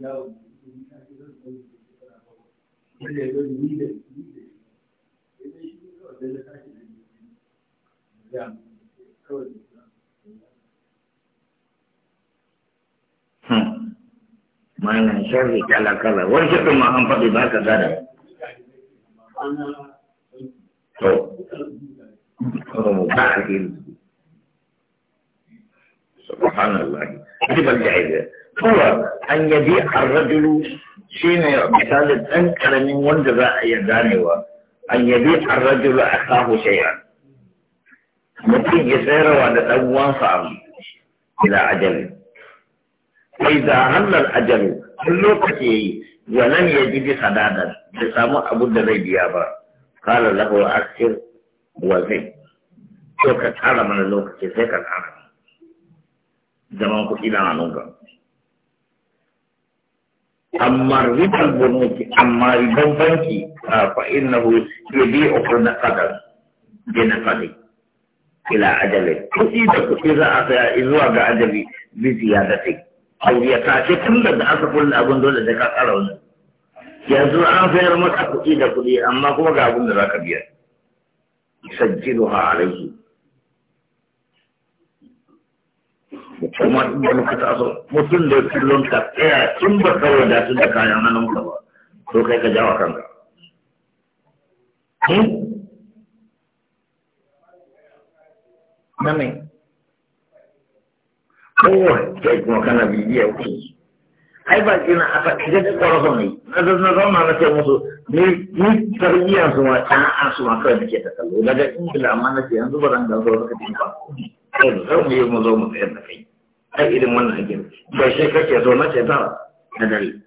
Hmm. Mana wanda ya sharri kala kala wani shirin ma an faɗi ba ka gada to ba a subhanallah tuwa an yabi an shi ne misali ɗan ƙaramin wanda za a iya ganewa an yabi an rajulu a mutum ya tsayarwa da ɗan uwansa a ila ajali sai da hannar ajali har lokaci ya yi wannan ya ji bisa dadar bai samu abu da zai biya ba kala lahu akhir wa zai to ka tsara mana lokaci sai ka tsara zaman kuɗi na nan amma ribar bunuki amma idan banki fa innahu yabi'u na qadar bin qadi ila ajali kuɗi da kuɗi za a saya zuwa ga ajali bi ziyadati aw ya ce tun da aka kulle abin dole da ka tsara wani yanzu an fayar maka kuɗi da kuɗi amma kuma ga abun da za ka biya sajjiluha alayhi kuma in ka taso mutum da kullum ka tsaya in ba ka wadatu da kayan hannunka ba to kai ka jawa kanka hmm? na me kowa kai kuma kana bibiyar kuɗi ai ba kina a fa idan ka kwaro son yi na zan na zauna na ce musu ni ni tarbiyyar su ma ɗan su ma kawai nake ta kallo daga ingila amma na ce yanzu ba zan ga zo suka tafi ba kai zo mu yi mu zo mu tsayar da kai ai irin wannan gini da shi kake zo na ce tara na dare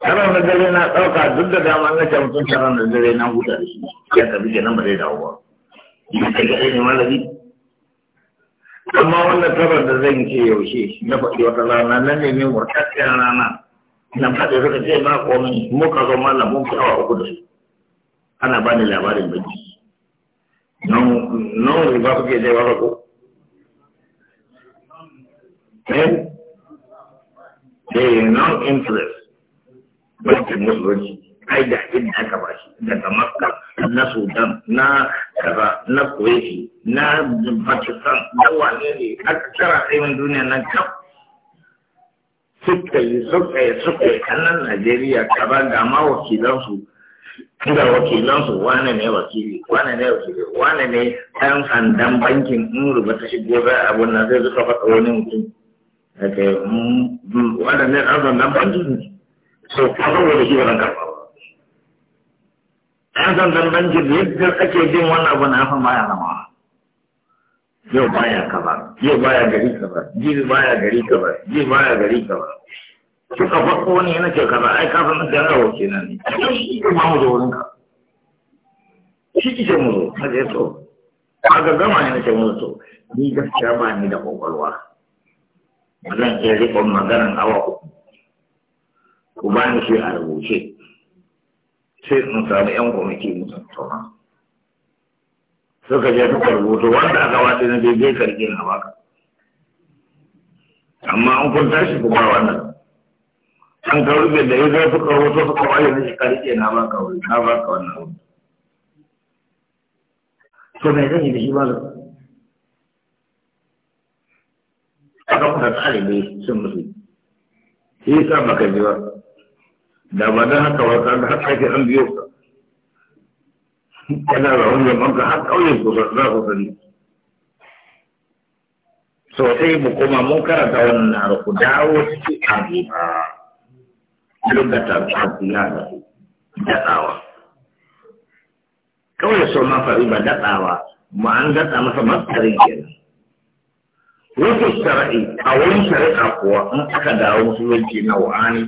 kana na dare na ɗauka duk da dama na ce mutum tara na dare na huta da shi ya tafi ke nan ba zai dawo ba ina kai ga ɗaya malami amma wannan tara da zan ce yaushe na faɗi wata rana min nemi murtacciyar rana na faɗi suka ce ba komai muka zo malam mun fi awa uku da su ana ba ni labarin baki non non riba kuke zai ba ko eh eh non interest bankin musulunci ai da inda aka ba shi daga makka na sudan na kaza na kuwaiti na pakistan na wane ne aka kara tsayin duniya nan kam suka yi suka yi suka yi a najeriya kaza ga ma wakilansu da wakilansu wane ne wakili wane ne wakili wane ne ɗan sandan bankin in rubuta shigo za a abu na zai zuka faɗa wani mutum ake mm, mm, waɗannan arzon nan ban ne so kasarwa da shi ba zan karɓa ba ɗan sandan bankin yadda ake jin wannan abu na hafan baya zama yau baya kaba, yau baya gari kaba, jibi baya gari kaba, jibi baya gari kaza suka farko wani yana ce kaza ai kafin na tsayar rawo ke nan ne shi ke ma mu zo wurin ka shi ke ce mu zo na je so a gaggama yana ce mu so? ni gaskiya ba ni da kwakwalwa ba zan iya riƙon maganan awa uku ku ba ni shi a rubuce sai in samu yan kwamiti musu tattauna suka je suka rubuta wanda aka wata na daidai karki na baka amma an kun tashi ku ba wannan an ka rufe da ya zai suka rubuta suka waye na shi karki na baka wuri na baka wannan wuri to me zan yi da shi ba ɗauka ɗalibi sun musu shi yasa baka ji ba da ba da haka ba ka da haka ake an biyo ka kana da wani zaman ka har ƙauyen ba za ku sani sosai mu koma mun karanta wannan na ku dawo cikin abu ba duk da tafiya da daɗawa kawai so ma fari ba daɗawa ma an daɗa masa masarin kenan wato shari'i a wurin shari'a kuwa in aka dawo musulunci na wa'ani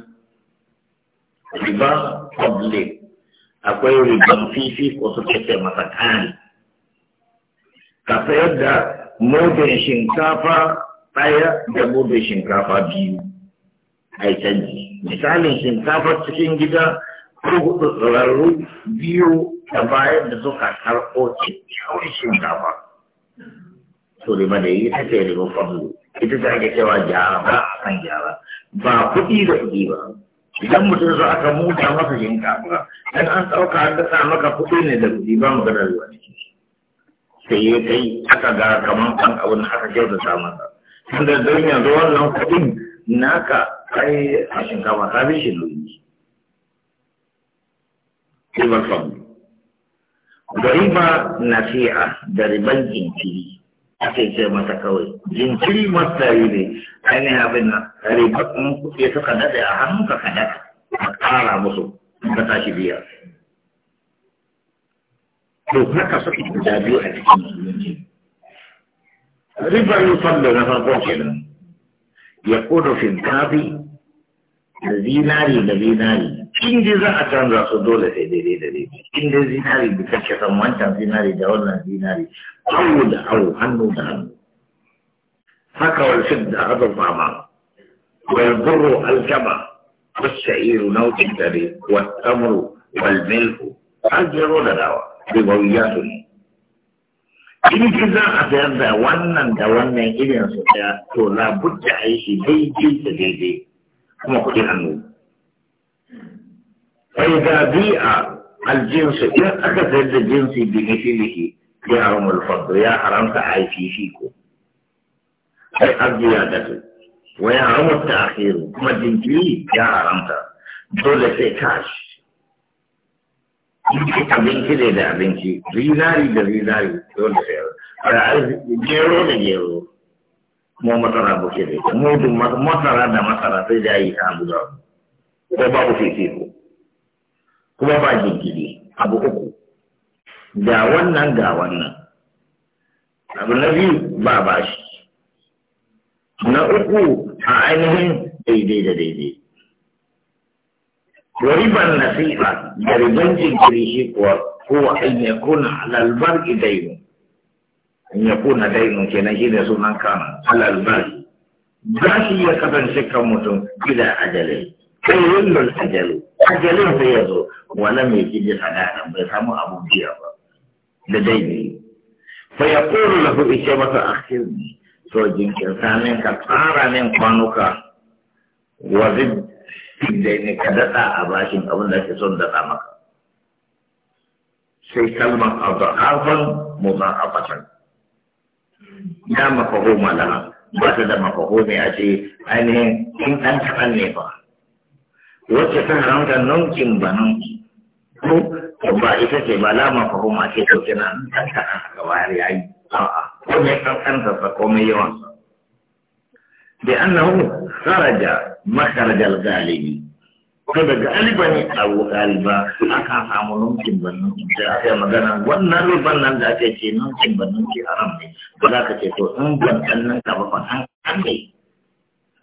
riba public akwai riba fifi ko su kake masa kani ka sayar da modin shinkafa ɗaya da modin shinkafa biyu a canji misalin shinkafa cikin gida ko tsararru tsararru biyu da bayan da suka karɓo cikin shinkafa turima da yi ta ce riba kwallo ita ta ake cewa gyara ba a kan gyara ba kuɗi da kuɗi ba idan mutum zo aka muta masa kafa dan an ɗauka an dasa maka kuɗi ne da kuɗi ba magana ruwa ciki sai ya kai aka ga kamar an abin aka kyautata masa da don yanzu wannan kuɗin naka kai a shinkafa ta bi shi lulli riba kwallo da riba nasi'a da riban jinkiri ake ce mata kawai jinkiri masari ne ainihin abin nan ribar in kuɗi suka daɗe a hannun ka daɗa a ƙara musu ka tashi biya to haka suka guda biyu a cikin musulunci ribar yufar da na farko kenan ya ƙodo finkafi da zinari da zinari in dai za a canza su dole sai daidai da daidai in dai zinari da kake san wancan zinari da wannan zinari awo da awo hannu da hannu haka wal da azurfa ma wal burru al jama والشعير نوع الدري والتمر والملك أجر لنا ربويات in ki za a sayar da wannan da wannan irin su ɗaya to labudda a yi shi daidai da daidai kuma kuɗi hannu فإذا بيع الجنس أخذ الجنس بمثله يهرم الفضل يا حرام تعي في فيكم أي الزيادة ويهرم التأخير كما جنجي يا حرام دولة كاش أبنتي لدى أبنتي ريناري دا kuma ba jinkiri abu uku ga wannan ga wannan abu na biyu ba bashi na uku a ainihin daidai da daidai riban nasiba da riban jinkiri shi kuwa kowa in ya kuna alalbar idainu in ya kuna dainu kenan shi da sunan kana alalbar shi ya kasance kan mutum gida ajalai sai yallon ajali ajalin sai ya zo wala mai jiji sadaka bai samu abun biya ba da dai ne fa ya kuru lahu ishe masa akhirni to jinkirta min ka tsara min kwanuka wa zid ne ka daɗa a bashin abin da ke son daɗa maka sai kalmar azahafan muzahafatan ya mafahoma laha ba ta da mafahumi a ce ainihin in an taɓa ne ba wacce ta haramta nonkin ba nonki ko ba ita ce ba lama fa kuma ce to kina an ka aka bayar yayi a'a ko ne kan kan ta ko mai yawan bi annahu kharaja makharaj al-ghalibi ko daga galiba ne a galiba aka samu nonkin ba nonki da aka magana wannan ruban nan da ake ce nonkin ba nonki haram ne ba za ka ce to in ban nan ka ba fa an kai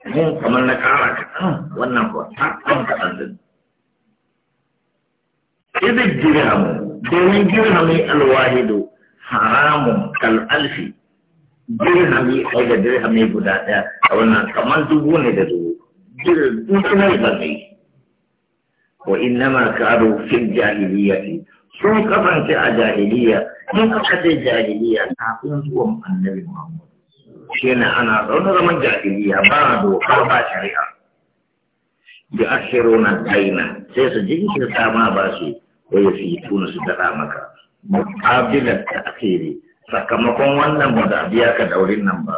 mun kamar na kara kaɗan ah, wannan ko an kaɗan din idan dirhamu domin al alwahidu haramun kal alfi dirhami ai da dirhami guda ɗaya a wannan kamar dubu ne da dubu dirhami ba mai wa innama ka'adu fil jahiliyyati sun kasance a jahiliya sun kasance jahiliya kafin zuwan annabi Muhammad shi ne ana zaune zaman jahiliya ba doka ba shari'a bi na, daina sai su jinkirta ma ba su waye su yi tuna su dada maka ta ta'khiri sakamakon wannan ba da biya ka daurin nan ba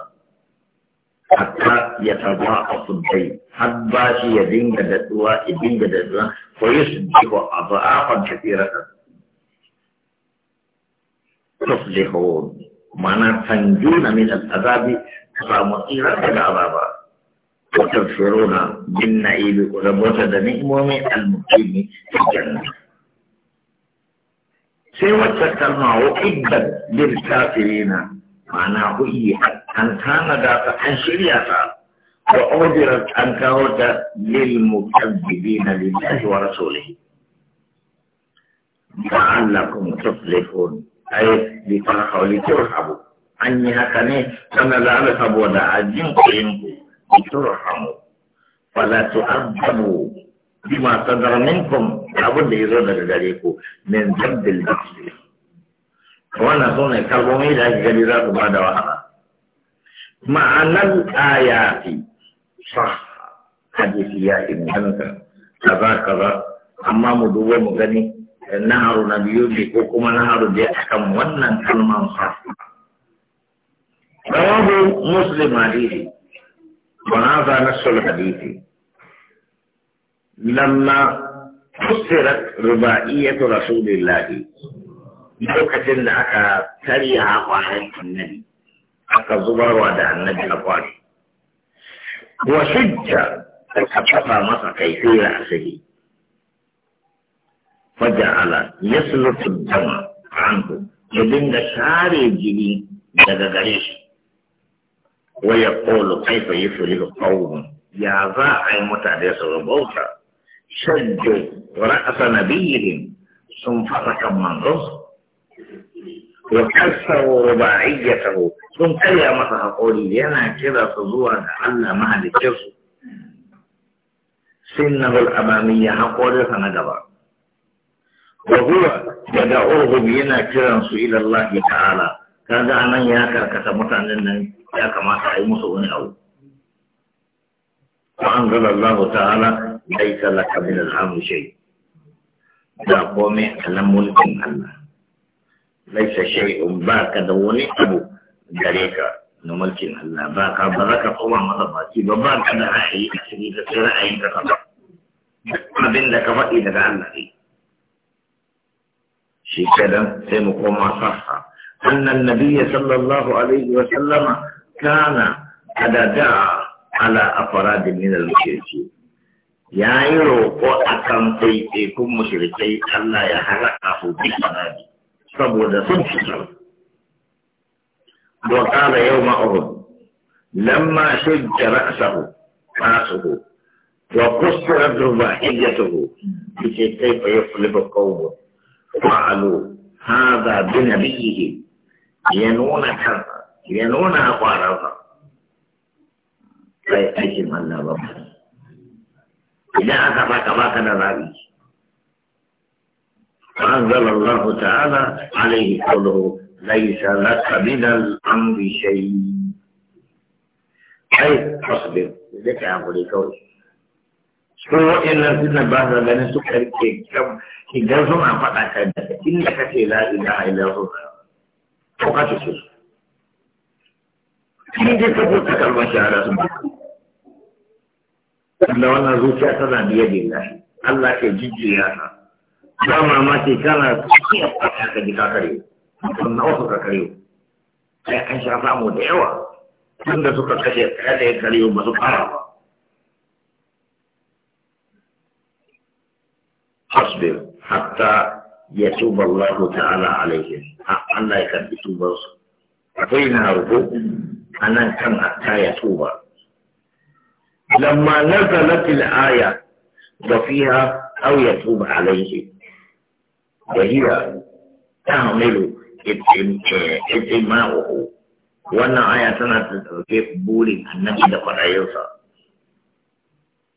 hatta ya tarwa a sudai har ba shi ya dinga daɗuwa ya dinga tsuwa ko yi su ji ko a ba'afan tafiyar ka tuflihun تنجون من العذاب فمصيرا الى العذاب وتغفرون بالنعيم ربوت النعموم المقيم في الجنه سوى تكلم عقبا للكافرين معناه هي ان كان ذات عن شريعه وامرت ان كانت للمكذبين لله ورسوله لعلكم تفلحون ai bi kana kauli turhabu an yi haka ne sannan za a saboda a jin koyin ku turhamu fala tu'addabu bima sadar minkum abin da zo daga gare ku min zambil nafsi wannan sunan kalmomi da ake gani za su ba da wahala ma'anar ayati sah hadisi ya inganta kaza kaza amma mu duba mu gani naharu na biyu ne ko kuma naharu a akan wannan kalman sa rawahu muslim hadisi wa na nasul hadisi lamma فسرت رباعية رسول lokacin da aka tarya kwanan annabi aka zubarwa da annabi akwani wa shujja aka fasa masa kai a sahi فجعل يسلط الدم عنه يدن شاري جيبي دغغريش ويقول كيف يفعل قوم يا ذا أي متعدي سربوتا شدوا رأس نبيهم ثم فتك منظر وكسروا رباعيته ثم يا مثلا قولي لنا كذا فزوها على ما لكسر سنه الأمامية حقوله سنجبه وهو يدعوه من كرنس إلى الله تعالى كان ذا أنا ياكر كتمت عن النبي ياك ما تعي مسوني أو فأنزل الله تعالى ليس لك من الأمر شيء لا قوم لم ملكم الله ليس شيء باك دوني أبو جريكا نملكين الله باك بذكا قوة مطباتي وباك دعائي أسريك سرائي كتبا ما بين لك فائدة عن الله shi kenan sai mu koma sassa Hannan nabiyya sallallahu alaihi wa sallama kana adada ala afaradin min al-mushriki ya yi roƙo a kan ɗaiɗaikun mushrikai Allah ya halaka a bi sanadi saboda sun fitar wa qala yawma uhud lamma shujja ra'sahu fasuhu wa kusurat dhubahiyatuhu bi kayfa yuflihu qawmun fa'alu hadha bi nabiyhi yanuna kaza yanuna qaraza sai aikin Allah ba idan aka baka baka da zabi فأنزل الله تعالى عليه قوله ليس لك من الأمر شيء أي أصبر لك أقول كويس ko wa'annan suna ba su ganin su karke kyau idan suna faɗa ka da in da ce la ilaha illallah ko ka ce su in dai ka furta kalmar shahada sun ba Allah wannan zuciya tana biye da ilahi Allah ke jijjiya ta ba mamaki kana iya faɗa ka ji ka kare mutum na wasu ka kare sai an sha samu da yawa tunda suka kashe kada ya kare ba su fara ba حتى يتوب الله تعالى عليهم الله يكن يتوب أين هربوا أن كان حتى يتوب لما نزلت الآية وفيها أو يتوب عليه وهي تعمل إتماعه وأن آية تنزل في قبول النبي لقد أيضا.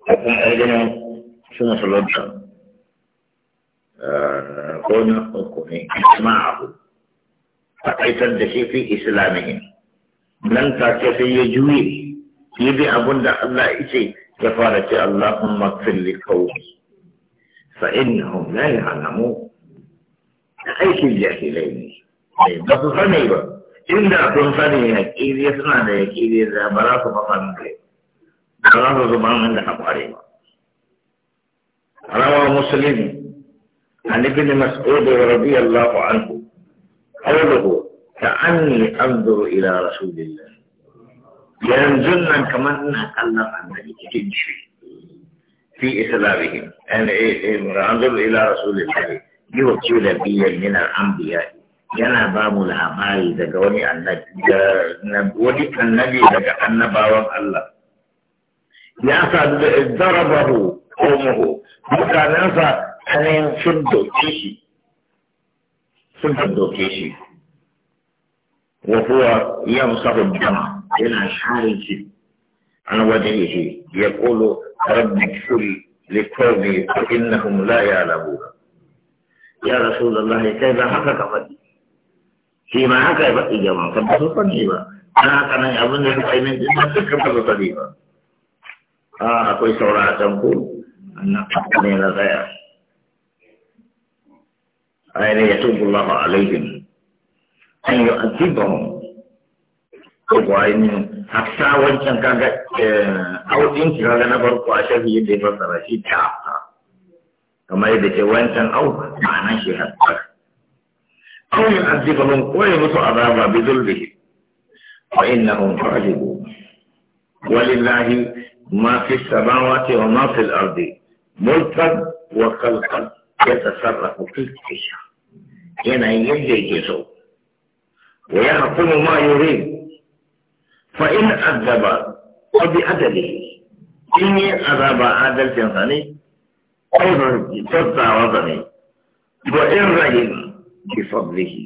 أيضا سنة الله ko na hukumi ma'ahu a kaitar da shi fi islamihin nan ta take sai ya juye ya bi abin da Allah ya ce ya fara ce Allahumma fil qawmi fa innahum la ya'lamu aikin jahilai ne ba su sani ba inda sun sani yaƙiri suna da yaƙiri da ba za su fafa kai ba za su zuba min da haƙware ba rawa musulmi عن ابن مسعود رضي الله عنه قوله تعني أنظر إلى رسول الله ينزلنا كما أنك الله عنك في إسلامهم يعني أنا إيه, إيه, أنظر إلى رسول الله يوكيل بي من الأنبياء جنا باب الأعمال إذا قولي أن النبي إذا أن باب الله يا ضربه قومه وكان يا ainihin sun doke shi sun doke shi wa ya yamsahu dama yana share shi an ya kolo rabbi ighfir li a inna hun la ya'lamun ya lahi kai zan haka ka faɗi shi ma haka ya faɗi jama'a kan ba su sani ba na haka nan abin da suka yi min din nan duka ba su sani ba a ah, akwai saura a can ko annan ne na tsaya أين يتوب الله عليهم أن يؤذبهم وأن أكسا وانشان كاغا أو دين كاغا نبرك أشهد يدي فصر شيء تعطى كما يدي وانشان أو معنى شيء حتى أو يؤذبهم ويمسوا عذابا بذلهم فإنهم كاذبون ولله ما في السماوات وما في الأرض ملكا وخلقا يتصرف في الحشر yanayin yin yadda yake so wa ya hukumu ma yuri fa in azaba wa bi adali in yi azaba adalcin sa ne ko tattawa sa ne wa in rahim bi fadlihi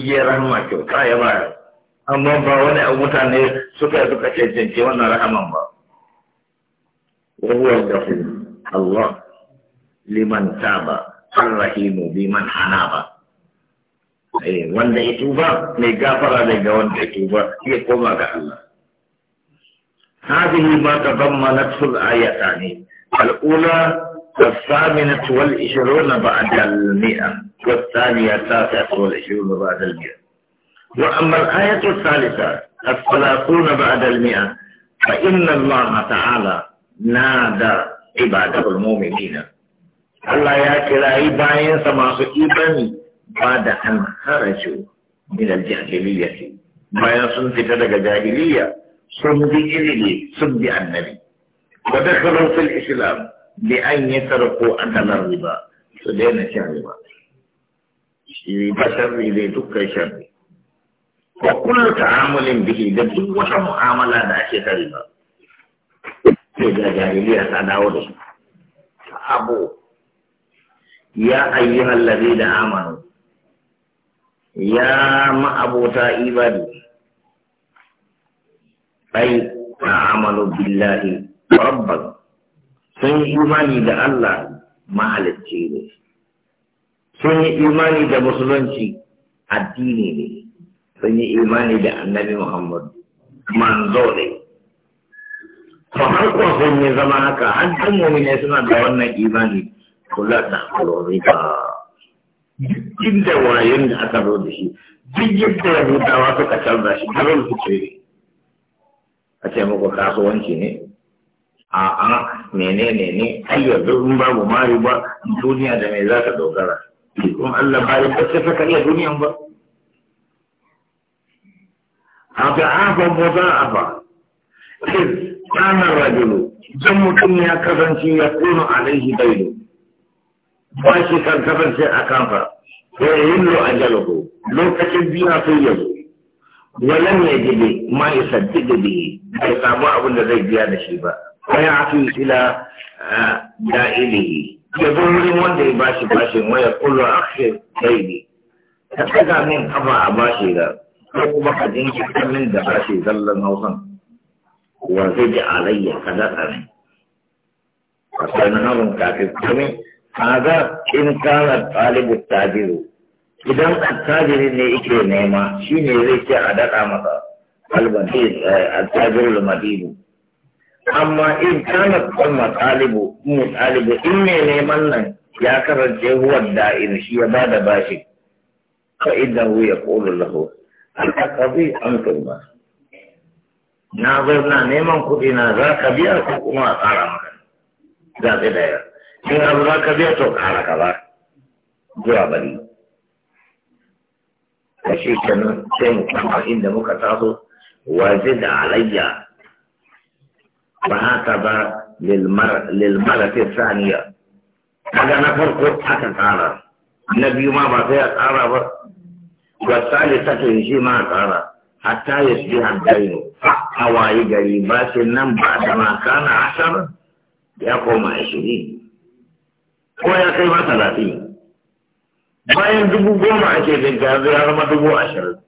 iya rahama kyauta ya ba amma ba wani abu mutane suka suka cancanci wannan rahaman ba wa huwa ghafur Allah liman taba الرحيم بمن حنابه Eh, wanda ya tuba mai gafara ne ga wanda ya tuba ya koma ga Allah هذه ما تضمنته الآيتان الأولى الثامنة والعشرون بعد المئة والثانية التاسعة والعشرون بعد المئة وأما الآية الثالثة الثلاثون بعد المئة فإن الله تعالى نادى عباده المؤمنين الله يا كلا باين سماسو إبني bada an harajo minal ce. bayan sun fita daga jahiliya sun bi ilimi sun bi annabi wa dakhalu fil islam bi an yi a an riba su daina cin riba shi ba sharri dai dukkan sharri wa kullu ta'amulin bihi da duk wata mu'amala da ake ta riba sai da jahiliya ta dawo da shi abu ya ayyuhal ladina amanu ya ma'abota ibadi ai amalu billahi rabban sun yi imani da Allah mahalicci ne sun yi imani da musulunci addini ne sun yi imani da annabi Muhammad manzo ne to har kuwa sun yi zama haka an kan ne suna da wannan imani kula da kalori ba duk inda wayan da aka zo da shi duk yadda yahudawa suka canza shi da zan su ce a ce muku kasuwanci ne a a mene ne ai yanzu in babu mari ba duniya da me za ka dogara kun Allah ba ya bace iya duniyan ba a ga afon mu za a ba iz kana rajulu Jan mutum ya kasance ya kuno alaihi dailu ba shi kan kasance a kafa. kanfa wa yillu ajaluhu lokacin biya sai ya zo walam yajibi ma yusaddiqu bihi ya samu abin da zai biya da shi ba wa ya'tu ila ilihi ya zo wurin wanda ya bashi bashin waya kullu akhir kaidi ka daga min kafa a bashi da ko kuma ka jinkirta min da bashi zallan hausan wa zai da alayya ka daɗa ne. Wasu wani kafin kamin kaga in kana talibu tajiru idan attajiri ne yake nema shi zai ce a daɗa masa eh, attajiru madinu amma in kana kalma talibu mu talibu in ne neman nan ya karance huwan da'in shi ya bada bashi fa ya yaqulu lahu al-aqdi an ba. na zo na neman kuɗi na za ka biya ko kuma a tsara maka za ka daya in abu za ka biya to kara ba zuwa bari kashe kenan sai mu kama inda muka taso waje da alayya ba haka ba lilmarafi saniya kaga na farko aka tsara na biyu ma ba sai a tsara ba wasali ta ke shi ma a tsara hatta ya shi hankalinu a waye gari ba sai nan ba da makana asar ya koma ashirin ko ya kai ba talatin bayan dubu goma ake da gazu ya zama dubu ashirin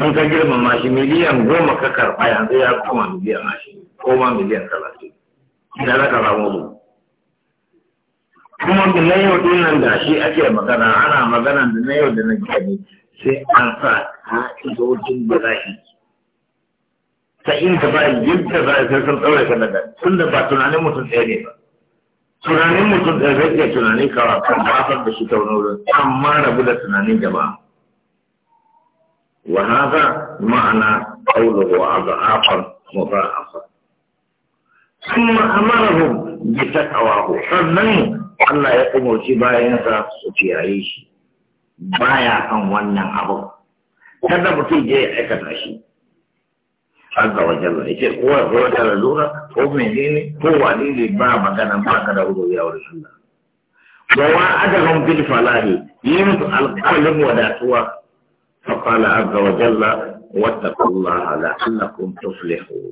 an ka girmama shi miliyan goma ka karɓa yanzu ya koma miliyan ashirin ko ma miliyan talatin da za ka mu kuma da na yau din nan da shi ake magana ana magana da na yau da na gani sai an sa ka'idojin da za shi ta inda ba yadda za a sai sun tsawaita daga tun da ba tunanin mutum ɗaya ne ba tunanin mutum da zai iya tunanin kawa kan basar da shi wurin amma rabu da tunanin gaba wa haza ma'ana qawluhu adhafan mudha'afa ثم امرهم kawahu sannan Allah ya umarci bayansa su kiyaye shi baya kan wannan abu kada mutum je ya aikata shi azza wa jalla yace kowa ya ko da lura ko menene ko wani ne ba magana ba ka da ya a wurin Allah wa wa'adahum bil falahi yin alqalam wadatuwa fa qala azza wa jalla wattaqullaha la'allakum tuflihun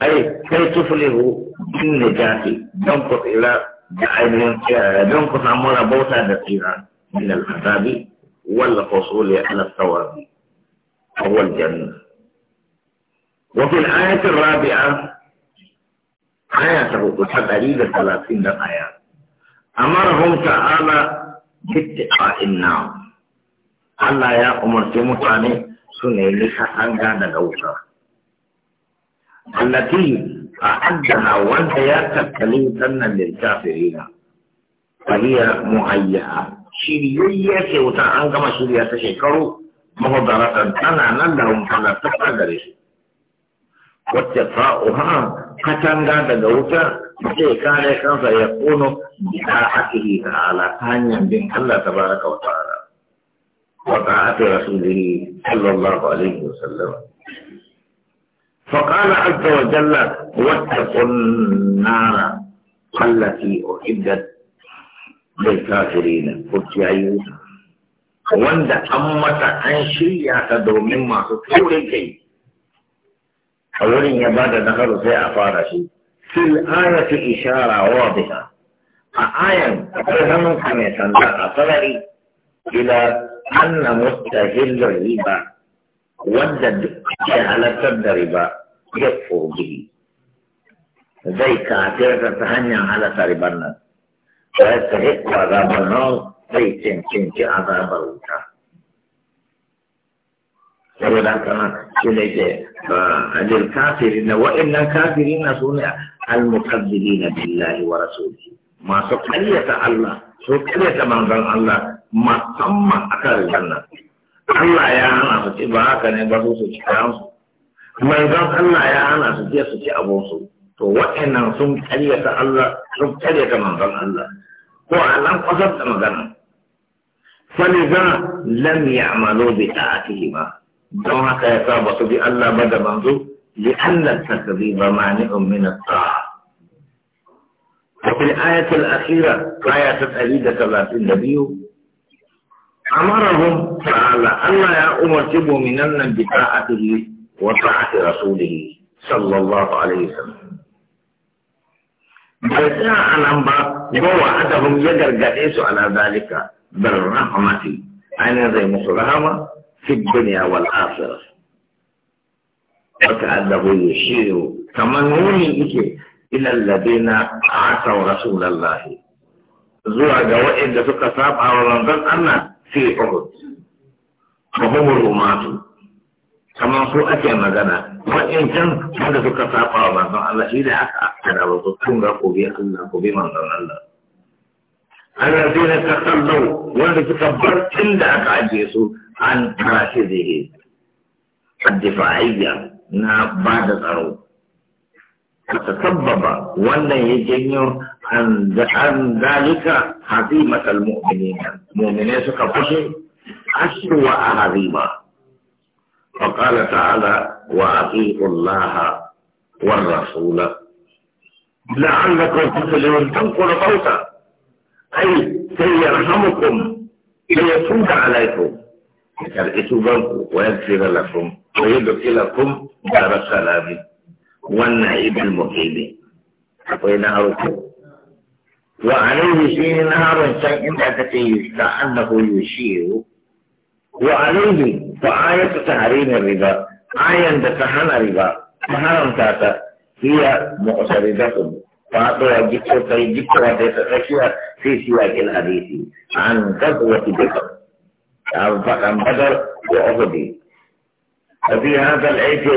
ai kai tuflihu bin najati dan ku ila da ainihin don ku samu rabauta da tsira min al-azabi wal husuli ala thawabi awwal jannah وفي الآية الرابعة حياته تحب أليل ثلاثين الآية أمرهم تعالى باتقاء النار ألا يا أمر سمتاني سنين لك أنجا نغوطا التي أعدها وانت يا تكليتنا للكافرين فهي مهيئة شريوية سيوتا أنجا ما شريوية تشكروا مهدرة تنانا لهم فلا تقدرش wacce fa'uha katanga daga wuta zai kare kansa ya kuno da akihi ta'ala ta hanyar bin Allah tabaraka wa ta'ala wa ta'ati rasulihi sallallahu alaihi wa sallam فقال عز وجل واتقوا النار na أعدت yi wuta. Wanda an وند an shirya ta domin masu تقول كيف a wurin ya bada da sai a fara shi fil ayati ishara wadiha a ayan akwai hannun ka mai sanda a sarari ila anna mustahillar riba wanda ke halartar da riba ya furbi zai kafirta ta hanyar halarta ribar nan wa ya sahi nan zai cancanci azabar wuta saboda haka nan shi da yake ajil kafirin na wa'annan kafirin na su ne almukazzibina billahi wa rasulihi masu ƙaryata Allah su ƙaryata manzon Allah musamman akan janna Allah ya hana su ci ba haka ne ba su su ci kayansu manzon Allah ya hana su je su ci abinsu to wa'annan sun ƙaryata Allah sun ƙaryata manzon Allah ko a nan kwasar da magana فلذا لم يعملوا بطاعتهما don haka ya sa ba su bi Allah ba da manzo لأن التكذيب مانع من الطاعة وفي الآية الأخيرة آية تأليد ثلاثين نبي أمرهم تعالى ألا يأمرتب من بطاعته وطاعة رسوله صلى الله عليه وسلم بل جاء الأنباء ووعدهم يجر على ذلك بالرحمة أين زي مصر fi duniya wal asira haka annabu ya shiru kamar nuni yake ilallabe na asau rasulallah zuwa ga waɗanda suka saba wa rangon Allah fi uhud kuma rumatu kamar su ake magana waɗancan wanda suka saba wa rangon Allah shi da aka kada ba su tunga ko bi Allah ko bi manzon Allah Allah zai na kasallau wanda suka bar inda aka ajiye su عن حافظه الدفاعية نا بعد ضرو فتسبب ولا يجنيو عن ذلك هزيمة المؤمنين مؤمنين سكفشي أسوأ وأعظيمة فقال تعالى وأطيعوا الله والرسول لعلكم تفلحون تنقل قوتا أي سيرحمكم ليتوب عليكم يكرئ توبانكم ويغفر لكم ويدخلكم دار السلام والنعيم المقيم akwai na harko wa alaihi shi na haron can inda aka ce yusta annahu yushiru wa alaihi fa ayatu tahrimin riba ayan da ta hana riba ta haramta ta hiya mu'taridatun فاطوى جيكو تاي جيكو تاي تسكيا في سياق الحديث عن غزوة بدر badar da ọgbọ bi a fi hàn kan ẹyẹ tó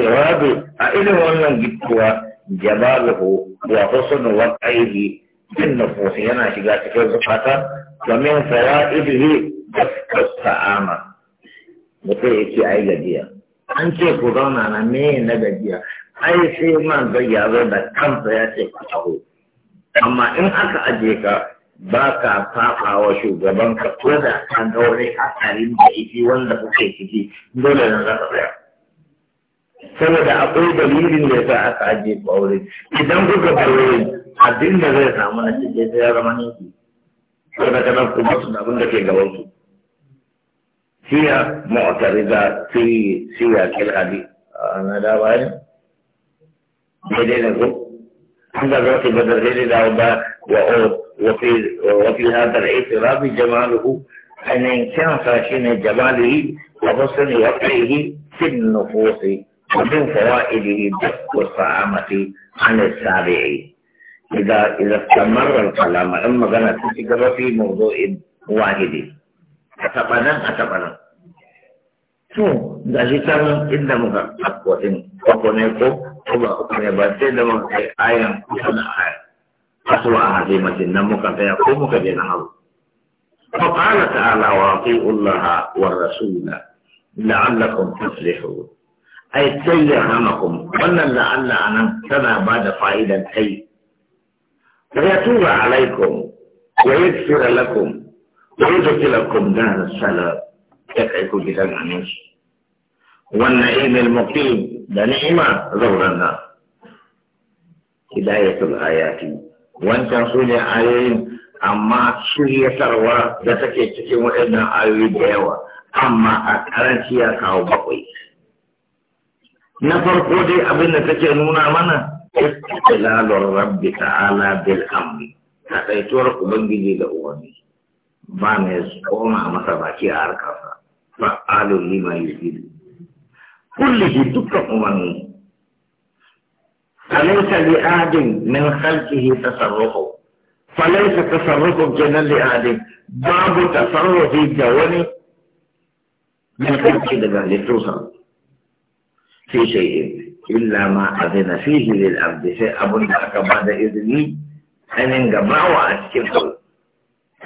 a ilé wannan lọ gbi tuwa jaba bi ko wa ko sọnu wa ayi bi bi na fo fi yẹn na ti ga ti kẹ zu kata to mi fẹ wa ibi bi ama an tẹ ko dọ na na mi yẹn na gadi ya ayi da kan ya ti amma in aka ajiye ka ba ka fafa wa shugaban ka ko da an ga wani hatsarin da ifi wanda kuke ciki dole na zaka tsaya saboda akwai dalilin da za aka aje ku aure idan kuka bar wurin abin da zai samu na cike sai ya zama ko da kana ku musu da abin da ke gaban ku siya mu'tariza fi siya kil hadi ana ah, da bayan daidai ne ko an da zai ba da daidai da ba wa'o وفي وفي هذا الاعتراف جماله أن إنسان فاشن جماله وحسن وقعه في النفوس ومن فوائده دفع الصعامة عن السابع إذا إذا استمر الكلام أما كانت تشكر في موضوع واحد اتقنا اتقنا شو ذلك إلا مغرق أقوى أقوى نيكو أقوى آية، أقوى نيكو أقوى أقوى أسوأ هزيمة نمك فيقومك بنهر فقال تعالى واطيعوا الله والرسول لعلكم تفلحون أي تيهمكم ولا لعل أن تنا بعد فائدا أي فيتوب عليكم ويغفر لكم ويدخلكم دار السلام يقعكم جدا عنيش والنعيم المقيم لنعمة نعمة زورنا هداية الآيات wancan su ne ayoyin amma shiryatarwa da take cikin waɗannan ayoyi da yawa amma a karanci ya kawo bakwai na farko dai abin da take nuna mana istiqlalur rabbi ta'ala bil amri kadaituwar ubangiji da umarni ba mai koma masa baki a harkarsa fa'alul lima yusidu kullihi dukkan umarni فليس لآدم من خلقه تصرفه فليس تصرف جنا لآدم باب تصرف جوني من خلقه لذلك توصل في شيء إلا ما أذن فيه للعبد شيء أبن بعد إذني أن ينقبع وأسكنه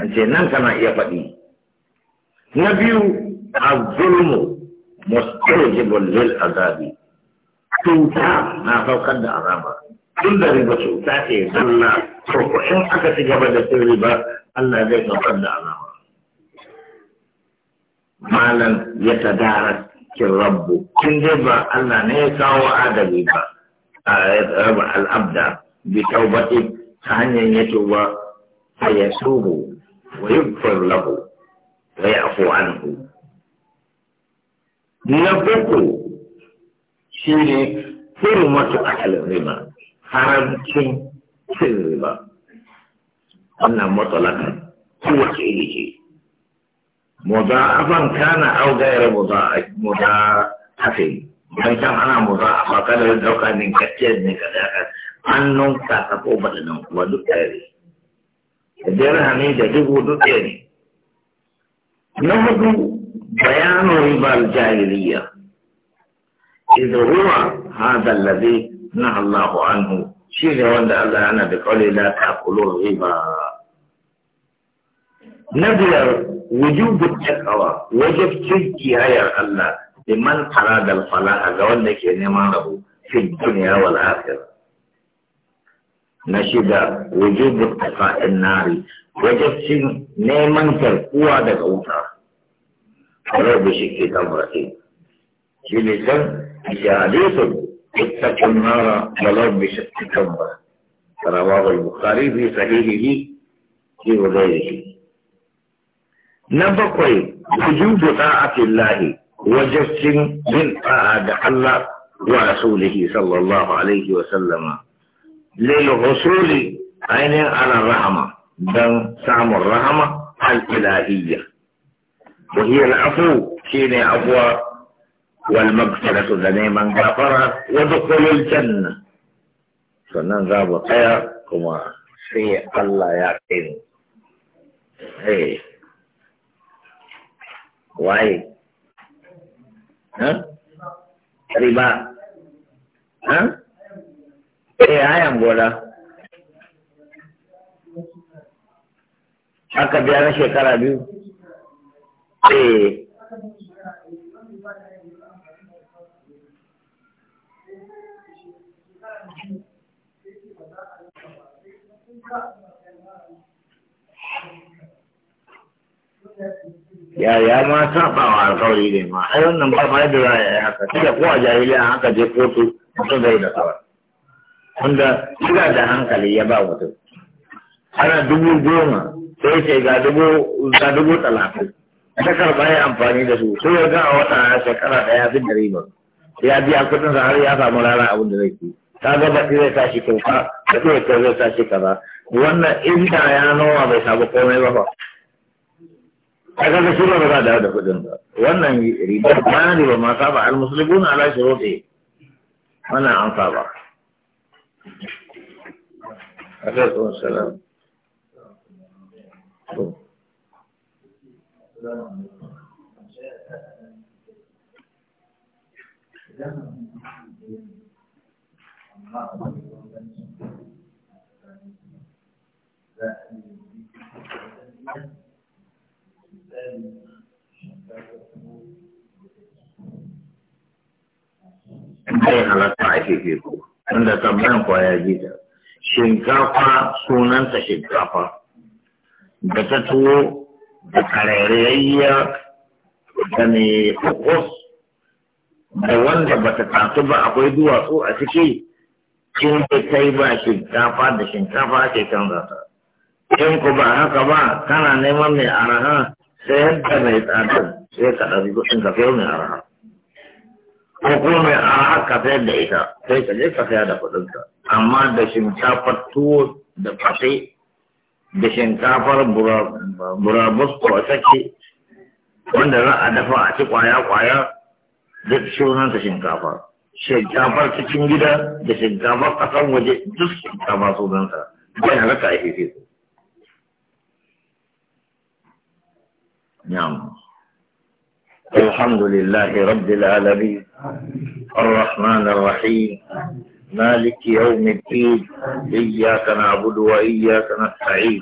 أنت ننكما يفدي نبي الظلم مستوجب للعذاب cuta na saukar da azaba tun da riba cuta ce zalla to ko in aka ci gaba da cin riba Allah zai saukar da azaba malan ya ta dara kin rabbu kin dai ba Allah ne ya kawo adabi ba raba al'abda bi taubati ta hanyar ya tuba fa yasubu wa yughfar lahu wa ya'fu afuwa na shi ne hurmatu akalin riba haramcin cin riba wannan matsalakan kowace iri ce muda'afan kana au gaira muda'afin dan can ana muda'afa kada ya dauka ka ce, ne ka daga an ka ta ko bada da nan kuma duk ɗaya ne da ne da dubu duk ɗaya ne na hudu bayanin ribar jahiliya إذ هو هذا الذي نهى الله عنه شيء وند الله أنا بقولي لا تأكلوا الربا نبي وجوب التقوى وجب تلك آية الله لمن أراد الفلاح وندك نمانه في الدنيا والآخرة نشد وجوب التقاء النار وجب سن نيمان تركوا دقوتا فلو بشكل تمرتين شيء حديث اتقوا النار ولو بشق تمرة رواه البخاري في صحيحه في وغيره نبقي وجود طاعة الله وجس من طاعة الله ورسوله صلى الله عليه وسلم للحصول عين على الرحمة دم سام الرحمة الإلهية وهي العفو شين أبواب والمغفرة ذنيما غفرة ودخول الجنة سنن غابة قيا كما في الله يقين اي واي ها ربا ها اي هاي ام بولا اكبر شيء كرابيو اي ya ya ma wa alƙawari ne ma ai wannan ba bai da raya ya haka tunda ko a jahiliya haka je kotu mutum zai da kawai wanda kira da hankali ya ba mutum ana dubu goma sai ce ga dubu ga dubu talatin ta karɓa ya amfani da su sai ya ga a wata shekara ɗaya fi da riba ya biya kuɗin sa har ya samu rana abin da zai ke. ta ga baki zai tashi kyauta da kyauta zai tashi kaza wannan da ya nawa bai sabu komai ba ba a kaga shi ba ba da da kudin ba wannan riba ba ne ba ma saba al muslimun ala shuruti wannan an saba alaikum Thank you. Zai halatta a fifi ko, tambayan kwaya jita. Shinkafa sunanta shinkafa, da ta tuwo da karairayya da mai kokos, da wanda bata tatu ba akwai duwatsu a ciki kin da kai ba shinkafa da shinkafa ke canza ta in ku ba haka ba kana neman mai araha sai yadda mai tsadar sai ka ɗari kuɗin ka mai araha ko kuma mai araha ka fiye da ita sai ka je ka fiye da kuɗinka amma da shinkafar tuwo da fate da shinkafar burabus ko sake wanda za a dafa a ci kwaya-kwaya duk sunanta shinkafa shinkafar cikin gida da shinkafar kasan waje duk shinkafa su zanta bai halatta a fi su نعم الحمد لله رب العالمين الرحمن الرحيم مالك يوم الدين إياك نعبد وإياك نستعين